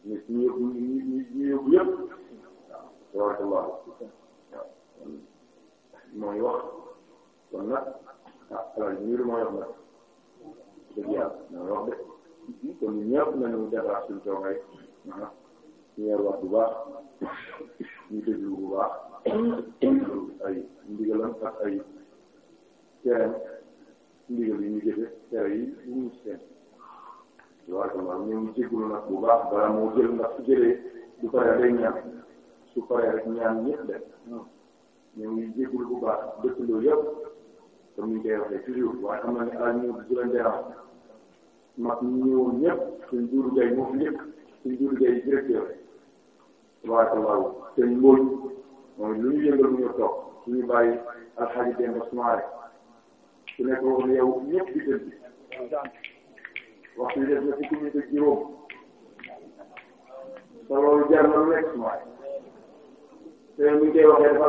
ñu ñu yóbbu ñu ñu yóbbu yëpp waaw tabarakallah mooy wax kon nag ah alal ñuul mooy wax nag dëgg yàlla mooy wax de kon ñëpp nañu defar suñu toogaay ñu yor wax bu baax ñu déglu bu baax ay ndigalam ak ay tereem ndigal yi ñu jëfe tere yi ñu seen loolu moom ñu ngi jégalu nag bu baax bala moo jël ndax su jëlee du paree day ñaan su paree rek ñaan ñëpp de ñu ngi jégalu bu baax dëkk loolu yëpp comme ni ñu koy waxee toujours waaye xam na ne alal ñu du leen dérange mag ñu ñëwoon ñëpp suñ duuru gay moo fi njëkk suñ duuru gay directeur waaye ko waaw te mbóoñ mooy lu ñu yëngal ñu toog suñu bàyyi alxaaji dem ba sumaare su nekk waxoon yow ñëpp di waxtu yi def na fukki minute ak juróom te loolu jar na lu nekk mooy te ñu koy waxee dafa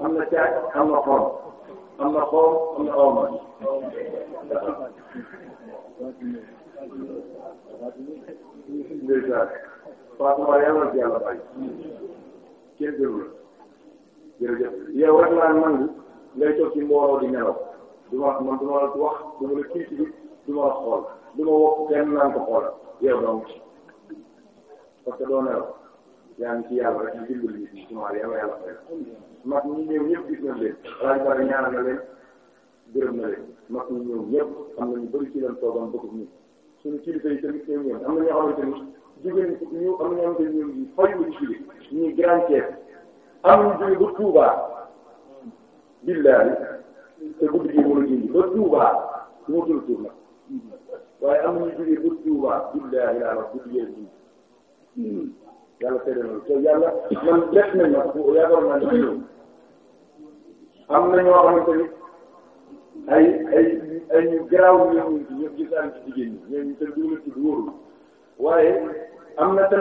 am caaj am na caaj am na xoom am na xoom am na ooma ndeysaan Fatma yàlla na yàlla bàyyi kenn jëru la jërëjëf yow rek laa nangu ngay toog ci mbooloo di nelaw du ma man du ma la wax du ma la kiiti bi du ma la xool du ma wokk kenn naan ko xool yow donc parce que doo nelaw yaa ngi ci yàlla rek ñu dimbali nit ñi sumaal yàlla yàlla fay mag ñi ñëw ñëpp gis na leen rajo Bari ñaanal na leen gërëm na leen mag ñi ñëw ñëpp am na ñu bëri ci leen toogoon bëgg ñu suñu kilifa yi tamit ñëw ñëw am na ñoo xamante ni jigéen ñu am na ñoo xamante ni fay grand chef am na ñu jóge ba te guddi gi wala ji ba Touba wutul tur nag waaye am na ñu jógee ba Touba billahi guddi yee ji yàlla seede na te am na ñoo xamante ni ay ay ay ñu garaaw
am na tamit.